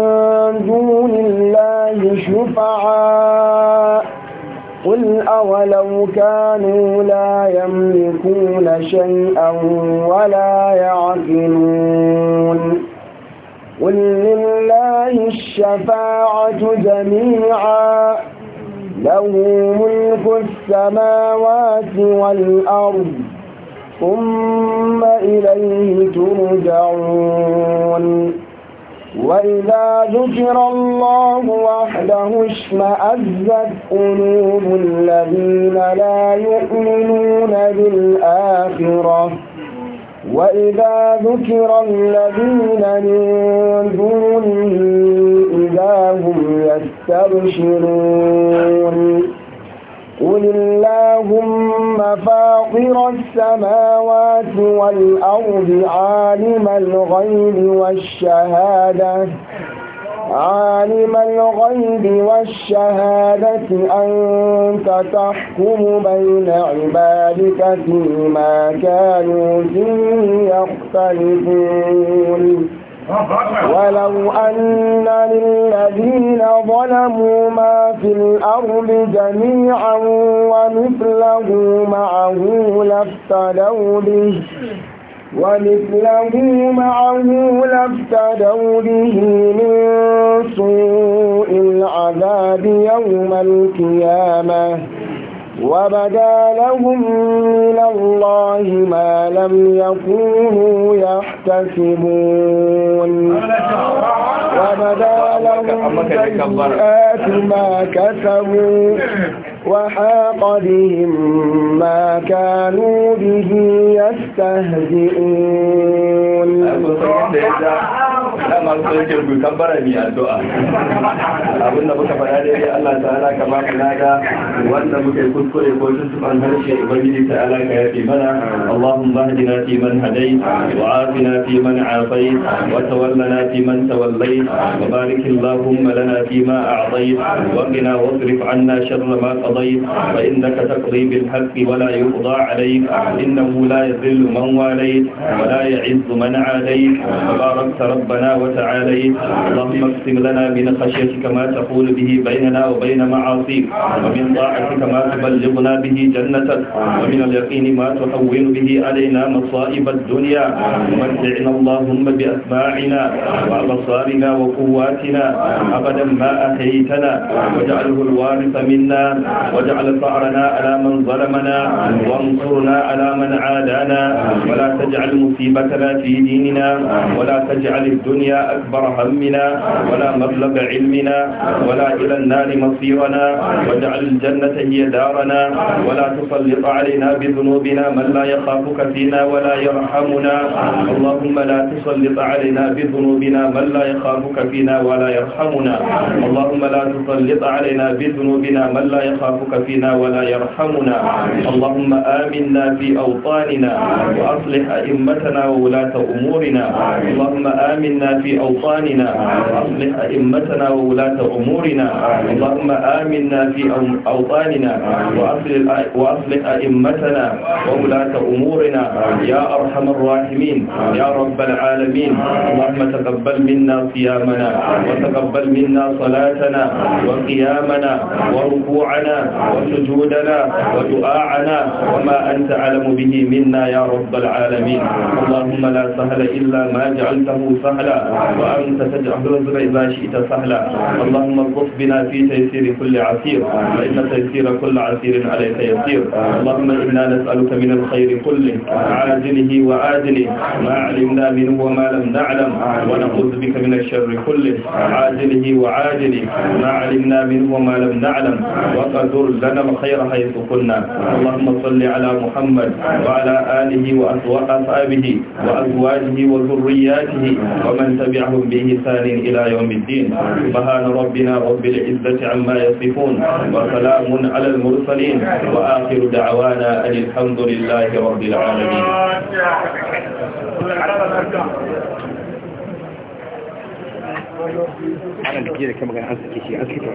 دون الله شفعاء قل أولو كانوا لا يملكون شيئا ولا يعقلون قل لله الشفاعة جميعا له ملك السماوات والأرض ثم إليه ترجعون وإذا ذكر الله وحده اشمأزت قلوب الذين لا يؤمنون بالآخرة وإذا ذكر الذين من دونه إذا هم يستبشرون قل اللهم فاطر السماوات والأرض عالم الغيب والشهادة عالم الغيب والشهادة أنت تحكم بين عبادك فيما كانوا فيه يختلفون ولو أن للذين ظلموا ما في الأرض جميعا ومثله معه لافتدوا به ومثله معه لافتدوا به من سوء العذاب يوم القيامة وبدا لهم من الله ما لم يكونوا يحتسبون وبدا لهم سيئات ما كسبوا وحاق بهم ما كانوا به يستهزئون bara mi addu'a abin da muka faɗa daidai Allah ta'ala ka ba lada wanda muka kuskure ko tuntuban harshe ubangiji ta'ala ka yafe mana Allahumma hdina fi man wa afina fi man afayt wa tawallana fi man wa barik Allahumma lana fi ma wa qina 'anna sharra ma قضيت فإنك تقضي بالحق ولا يقضى عليك إنه لا يذل من واليت ولا يعز من عاديت تباركت ربنا وتعاليت اللهم اقسم لنا من خشيتك ما تقول به بيننا وبين معاصيك ومن طاعتك ما تبلغنا به جنتك ومن اليقين ما تهون به علينا مصائب الدنيا ومتعنا اللهم بأسماعنا وأبصارنا وقواتنا أبدا ما أحيتنا واجعله الوارث منا واجعل ثأرنا على من ظلمنا وانصرنا على من عادانا ولا تجعل مصيبتنا في ديننا ولا تجعل الدنيا أكبر همنا ولا مبلغ علمنا ولا إلى النار مصيرنا واجعل الجنة هي دارنا ولا تسلط علينا بذنوبنا من لا يخافك فينا ولا يرحمنا اللهم لا تسلط علينا بذنوبنا من لا يخافك فينا ولا يرحمنا اللهم لا تسلط علينا بذنوبنا من لا يخافك ربك فينا ولا يرحمنا اللهم آمنا في أوطاننا وأصلح أئمتنا وولاة أمورنا اللهم آمنا في أوطاننا وأصلح أئمتنا وولاة أمورنا اللهم آمنا في أوطاننا وأصلح أئمتنا وولاة أمورنا يا أرحم الراحمين يا رب العالمين اللهم تقبل منا صيامنا وتقبل منا صلاتنا وقيامنا وركوعنا وسجودنا ودعاءنا وما أنت أعلم به منا يا رب العالمين اللهم لا سهل إلا ما جعلته سهلا وأنت تجعل الرزق إذا شئت سهلا اللهم اطف بنا في تيسير كل عسير فإن تيسير كل عسير عليك يسير اللهم إنا نسألك من الخير كله عاجله وآجله ما علمنا منه وما لم نعلم ونعوذ بك من الشر كله عاجله وعاجله ما علمنا منه وما لم نعلم وقد ونزور لنا الخير حيث كنا اللهم صل على محمد وعلى آله وأصحابه وأزواجه وذرياته ومن تبعهم بإحسان إلى يوم الدين سبحان ربنا رب العزة عما يصفون وسلام على المرسلين وآخر دعوانا أن الحمد لله رب العالمين أنا كبير كما كان أنسى كيشي